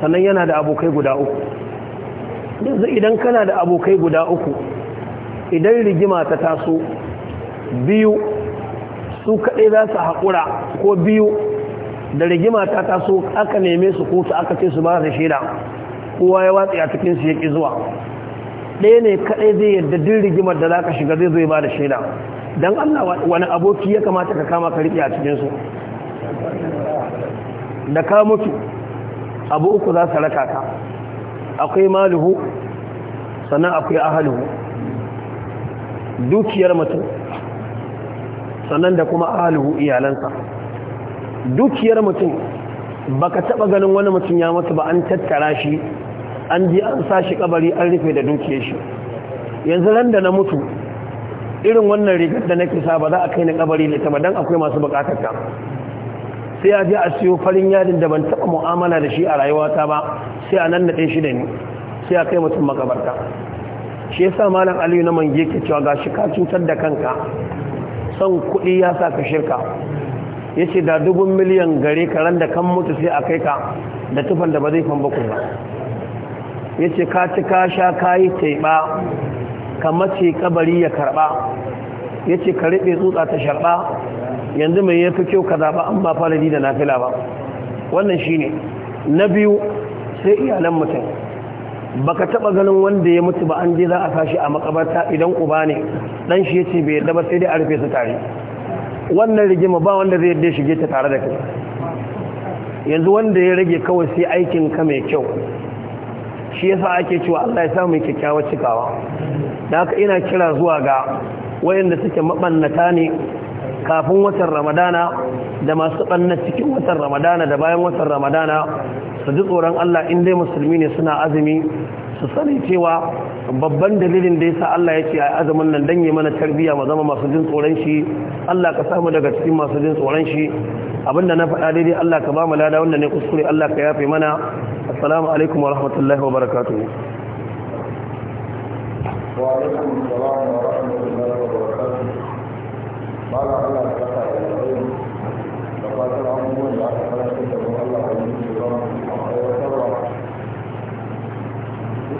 sannan yana da abokai guda uku yanzu idan kana da abokai guda uku idan rigima ta taso biyu su kaɗai za su haƙura ko biyu da rigima ta taso aka neme su ko su aka ce su ba su shaida kowa ya watsi a cikin su yake zuwa ɗaya ne kaɗai zai yadda duk rigimar da za ka shiga zai zai ba da shaida don allah wani aboki ya kamata ka kama ka riƙe a cikinsu da ka mutu abu uku za su raka ka akwai maluhu sannan akwai ahaluhu dukiyar mutum sannan da kuma ahaluhu iyalansa dukiyar mutum baka taba ganin wani mutum ya mutu ba an tattara shi an ji an sa shi kabari an rufe da dukiyar shi yanzu ran da na mutu irin wannan rigar da nake sa ba za a kai ni kabari ne ta ba dan akwai masu bukatar ta sai a je a siyo farin yadin da ban taba mu'amala da shi a rayuwata ba sai a nan nade shi da ni sai a kai mutum makabarta shi yasa malam aliyu na Mangeke cewa ga shi ka cutar da kanka son kuɗi ya sa ka shirka ya ce da dubun miliyan gare karen da kan mutu sai a kai ka da tufan da ba zai fan bakwai ba ya ce ka ci ka sha ka yi taiba ka mace kabari ya karɓa ya ce ka riɓe tsutsa ta sharɓa yanzu mai ya fi kyau ka zaɓa an ba faradi da nafila ba wannan shi ne na biyu sai iyalan mutum baka taba ganin wanda ya mutu ba an je za a tashi a makabarta idan uba ne dan shi yace bai yadda ba sai dai a rufe su tare wannan rigima ba wanda zai yadda shige ta tare da kai yanzu wanda ya rage kawai sai aikin ka mai kyau shi yasa ake cewa Allah ya samu kyakkyawar cikawa da haka ina kira zuwa ga wayanda suke mabannata ne kafin watan Ramadana da masu banna cikin watan Ramadana da bayan watan Ramadana su ji tsoron Allah in musulmi ne suna azumi su sani cewa babban dalilin da yasa Allah ya ce a azumin nan dan yi mana tarbiyya mu zama masu jin tsoron shi Allah ka samu daga cikin masu jin tsoron shi abinda na faɗa daidai Allah ka ba mu lada wanda ne kuskure Allah ka yafe mana assalamu alaikum wa rahmatullahi wa barakatuh wa alaikum assalam wa rahmatullahi wa barakatuh ba Allah ka da fatan abubuwan da aka fara da Allah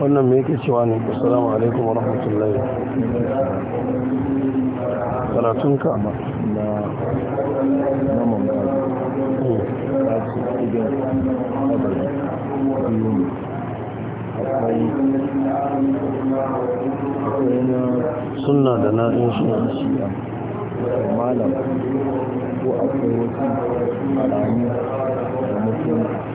wannan mai yake cewa ne assalamu alaikum wa rahmatullahi karatun ka ma na na mamma ta ci idan abari biyu ne akwai akwai na sunna da na in suna shi'a malam ko akwai wasu alamu da mutum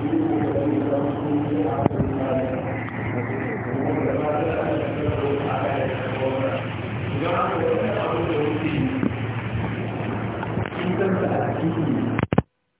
san ta a cikin